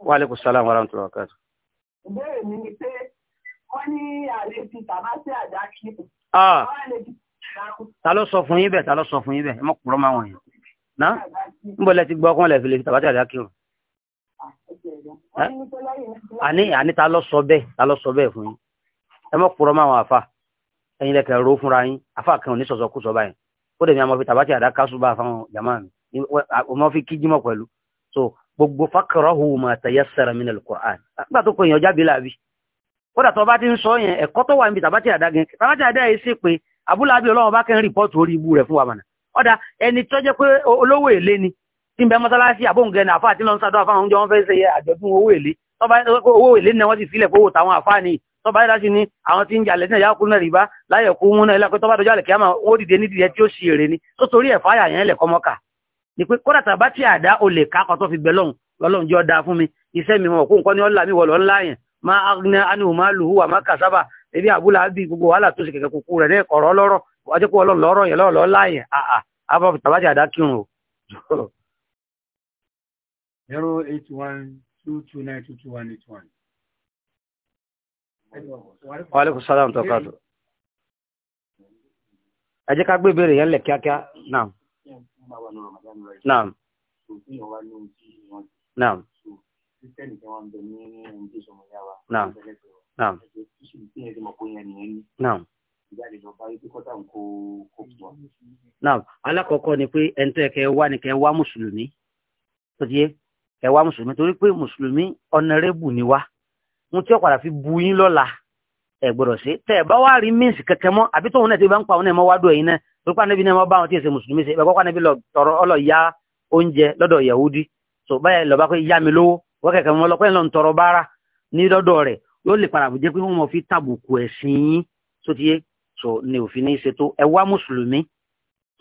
Wa alaikum salaam wa rahmatullahi wa barakatuh. Ìbéèrè mi ni pé wọ́n ní àlè fi tàbá sí àdá kí. Ah. Ta ló sọ fún yín bẹ́ẹ̀? Ta ló sọ fún yín bẹ́ẹ̀? Ẹ mọ̀ kúrọ́ máa wọ̀nyí. Ná ń bọ̀ lẹ́ti gbọ́ kán lẹ́ fi lè fi tàbá sí àdá kí ah, o. Àní àní ta ló sọ bẹ́ẹ̀? Ta ló sọ bẹ́ẹ̀ fún yín? Ẹ mọ̀ kúrọ́ máa wọn àfa. Ẹyin lẹ́kẹ̀ ro fúnra yín. Àfa kan So gbogbo fákàrọ̀hù ma tayassara min al-Qur'an nígbà tó pèèyàn jábí láàbí kódà tó bá ti ń sọ yẹn ẹ̀kọ́ tó wà níbi tàbátì àdágin tàbátì àdáyé sí pé abúlábí ọlọ́run bá kẹrin rìpọ́ọ̀tù orí ibu rẹ̀ fún wa mọ̀nà ọ̀dà ẹni tó jẹ́ pé olówó èlé ni tí ń bẹ mọ́sálásí àbóǹgẹ ní àfáà tí lọ́n sádọ́ àfáà oúnjẹ wọn fẹ́ ṣe àjọ̀dún owó èlé owó èlé ni wọ́n ti sílẹ̀ fowó táwọn àfáà ni tó bá dájú ni àwọn tí ń jà lẹ́sìn ìyá kúrúnà rìbá láyẹ̀kú múnà ilé akẹ́tọ́ bá dọjọ́ àlẹ̀kẹ́ àmà owó dìde nídìí ẹ tí ó ṣe èrè ni tó torí ẹ̀fáyà yẹn lẹ̀kọ́ ni pé kódà tàbá tí àdá o lè ká kan fi bẹ lọ́hùn lọ́lọ́hùn jẹ́ ọ̀dà fún mi iṣẹ́ mi mọ̀ kó nǹkan ní ọ̀la mi wọ̀ lọ́la yẹn máa agná anihu máa lù hùwà máa kàsábà ebi àbúlà bí gbogbo wàhálà tó ṣe kẹ̀kẹ́ kúkú rẹ̀ ní ẹ̀kọ́rọ́ lọ́rọ̀ wájú pé ọlọ́run lọ́rọ̀ yẹn yẹn àà ah, ah. tàbá tí àdá kírun o. Naam. Naam. Naam. Naam. Naam naam alákọ̀ọ́kọ́ ni pẹ ẹntẹ kẹ wá ni kẹ wá mùsùlùmí tó ti yé kẹ wá mùsùlùmí torí pé mùsùlùmí ọ̀nàrẹ́bù ni wá mo tí ó padà fi bu yín lọ́la ẹ gbọ́dọ̀ sí tẹ ẹ bá wá rí míǹsì kẹkẹ mọ́ àbí tóun náà ti bá ń pa torípa níbi ní ẹ máa bá àwọn tí èsè mùsùlùmí ṣe ìgbàgbọ́ níbi lọ tọrọ ọlọ ya oúnjẹ lọ́dọ̀ yahudi so báyẹ̀ lọ́ba pé ya mi lówó wọ́n kẹ̀kẹ́ mọ́ lọ́pẹ́ lọ́n tọrọ bára ní lọ́dọ̀ rẹ̀ yóò lè padà jẹ́ pé wọ́n mọ̀ fi tàbùkù ẹ̀sìn yín tó ti yé so ni òfin ní í ṣe tó ẹ wá mùsùlùmí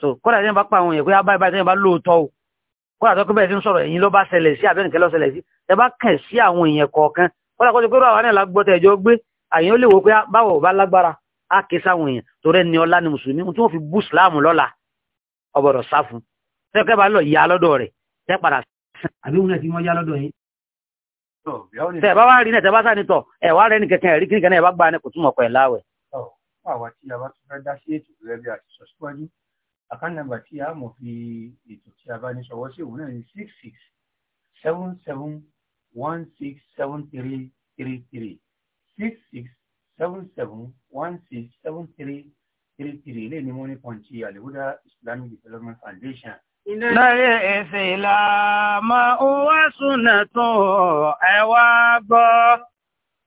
so kódà tí wọ́n bá pa àwọn èèyàn pé abáyé ah, báyìí tí wọ́n bá lóòótọ́ o kódà tó kébẹ̀ sí ń sọ̀rọ̀ ẹ̀yìn ló bá ṣẹlẹ̀ sí àbẹ́ nìkẹ́ ló ṣẹlẹ̀ sí ẹ bá kàn á ké sáwọn èèyàn torí ẹni ọlá ni mùsùlùmí tí wọ́n fi bú ìsìláàmù lọ́la ọbọ̀dọ̀ sá fún tẹ́kẹ́ bá lọ ìyá lọ́dọ̀ rẹ̀ tẹ́ padà sí. àbí òun náà ti wọ́n yá lọ́dọ̀ yín. tẹ bá wá rí náà tẹ bá sáà ní tọ ẹ wá rẹ ní kẹkẹ rí kíníkẹ náà ẹ bá gbá ní kò túmọ̀ pẹ̀ láwẹ̀. àwa tí a bá tún fẹ́ dá sí ètò rẹ bí a ti sọ síwájú àkànnàgbà tí a mọ̀ fi ètò tí a bá ní sọwọ́ sí òun náà ní six six seven seven one six seven three three three six six seven seven one six seven three three three ilé ní mọ́ni pọ̀ǹtì àlèwúdà Islamic Development Foundation. Láyé ìsìlámà wá súnà tó ẹ wá gbọ́.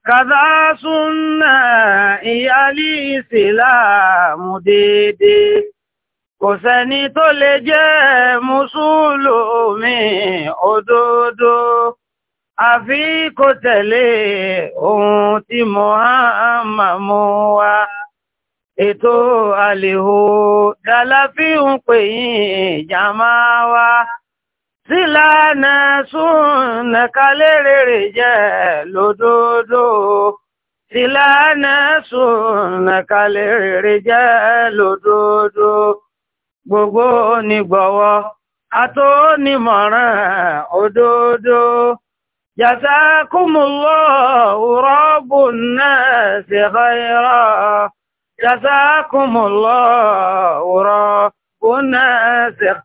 Kàdá súnà ìyálí ìsìlámù déédéé. Kò sẹ́ni tó lè jẹ́ Mùsùlùmí òdodo àfi kò tẹ̀lé ohun tí Muhammad mú wá ètò àlèhò dàlàfíhùn pè yín jàmá wá sílànà súnà kálérèrè jẹ́ lódodo sílànà súnà kálérèrè jẹ́ lódodo gbogbo onígbọ̀wọ́ àtò onímọ̀ràn òdodo. جزاكم الله رب الناس خيرا جزاكم الله رب الناس خيرا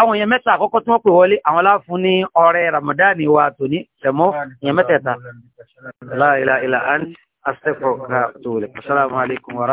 àwọn èèyàn mẹ́ta àkọ́kọ́ tí wọ́n pè wọlé àwọn láfún ní ọrẹ Ramadan wa tò ní tẹ̀mọ́ èèyàn mẹ́tẹ̀ẹ̀ta la